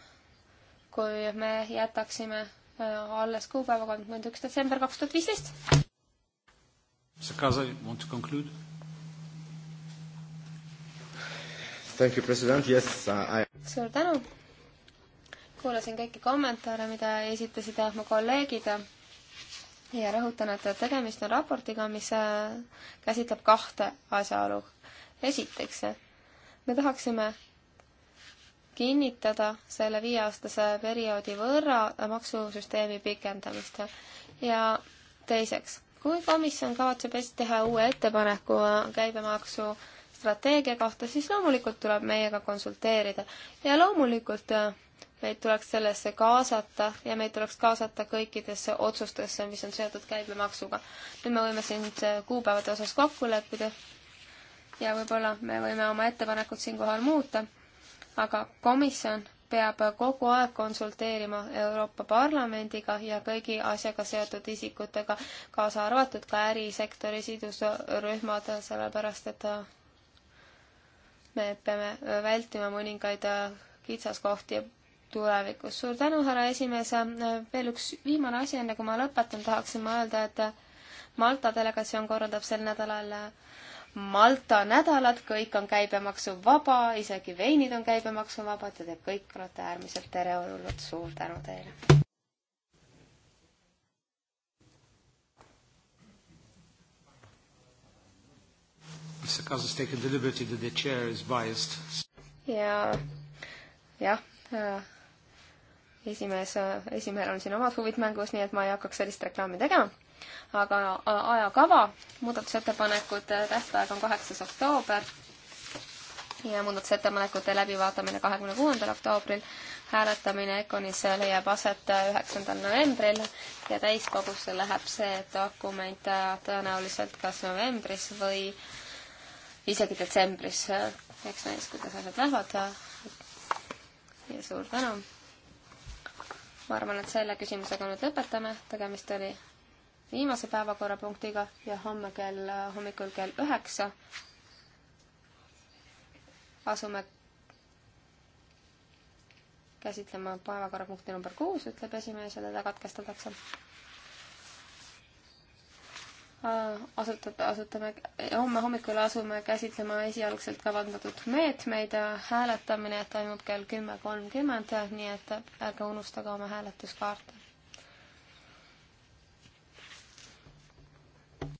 kui me jätaksime äh, alles kuupäeva kolmkümmend üks detsember kaks tuhat viisteist. Sakazai, want to conclude? Thank you, president, yes uh, I.... suur tänu. kuulasin kõiki kommentaare, mida esitasid mu kolleegid ja rõhutan, et tegemist on raportiga, mis äh, käsitleb kahte asjaolu esiteks, me tahaksime kinnitada selle viieaastase perioodi võrra maksusüsteemi pikendamist ja teiseks, kui komisjon kavatseb teha uue ettepaneku käibemaksu strateegia kohta, siis loomulikult tuleb meiega konsulteerida ja loomulikult äh, meid tuleks sellesse kaasata ja meid tuleks kaasata kõikidesse otsustesse, mis on seotud käibemaksuga. nüüd me võime siin äh, kuupäevade osas kokku leppida, ja võib-olla me võime oma ettepanekut siinkohal muuta, aga komisjon peab kogu aeg konsulteerima Euroopa Parlamendiga ja kõigi asjaga seotud isikutega, kaasa arvatud ka ärisektori sidusrühmad, sellepärast et me peame vältima mõningaid kitsaskohti tulevikus. suur tänu, härra esimees. veel üks viimane asi, enne kui ma lõpetan, tahaksin ma öelda, et Malta delegatsioon korraldab sel nädalal Malta nädalad, kõik on käibemaksuvaba, isegi veinid on käibemaksuvabad ja te kõik olete äärmiselt tereolulud. suur tänu teile! Mr. Kaz has taken the liberty that the chair is biased. ja jah äh,, esimees äh,, esimehel on siin omad huvid mängus, nii et ma ei hakkaks sellist reklaami tegema aga äh, ajakava, muudatusettepanekute äh, tähtaeg on kaheksas oktoober ja muudatusettepanekute läbivaatamine kahekümne kuuendal oktoobril, hääletamine EKONis leiab aset äh, üheksandal novembril ja täiskogusse läheb see dokument tõenäoliselt kas novembris või isegi detsembris. eks näis, kuidas asjad lähevad. ja suur tänu! ma arvan, et selle küsimusega nüüd lõpetame, tegemist oli viimase päevakorrapunktiga ja homme kell, hommikul kell üheksa asume käsitlema päevakorrapunkti number kuus, ütleb esimees ja teda katkestatakse. asutab, asutame, homme hommikul asume käsitlema esialgselt kavandatud meetmeid ja hääletamine toimub kell kümme kolmkümmend, nii et ärge unustage oma hääletuskaarte.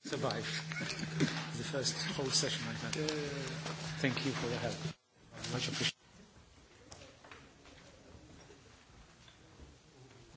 survive <laughs> the first whole session I had. Thank you for the help. Much appreciated.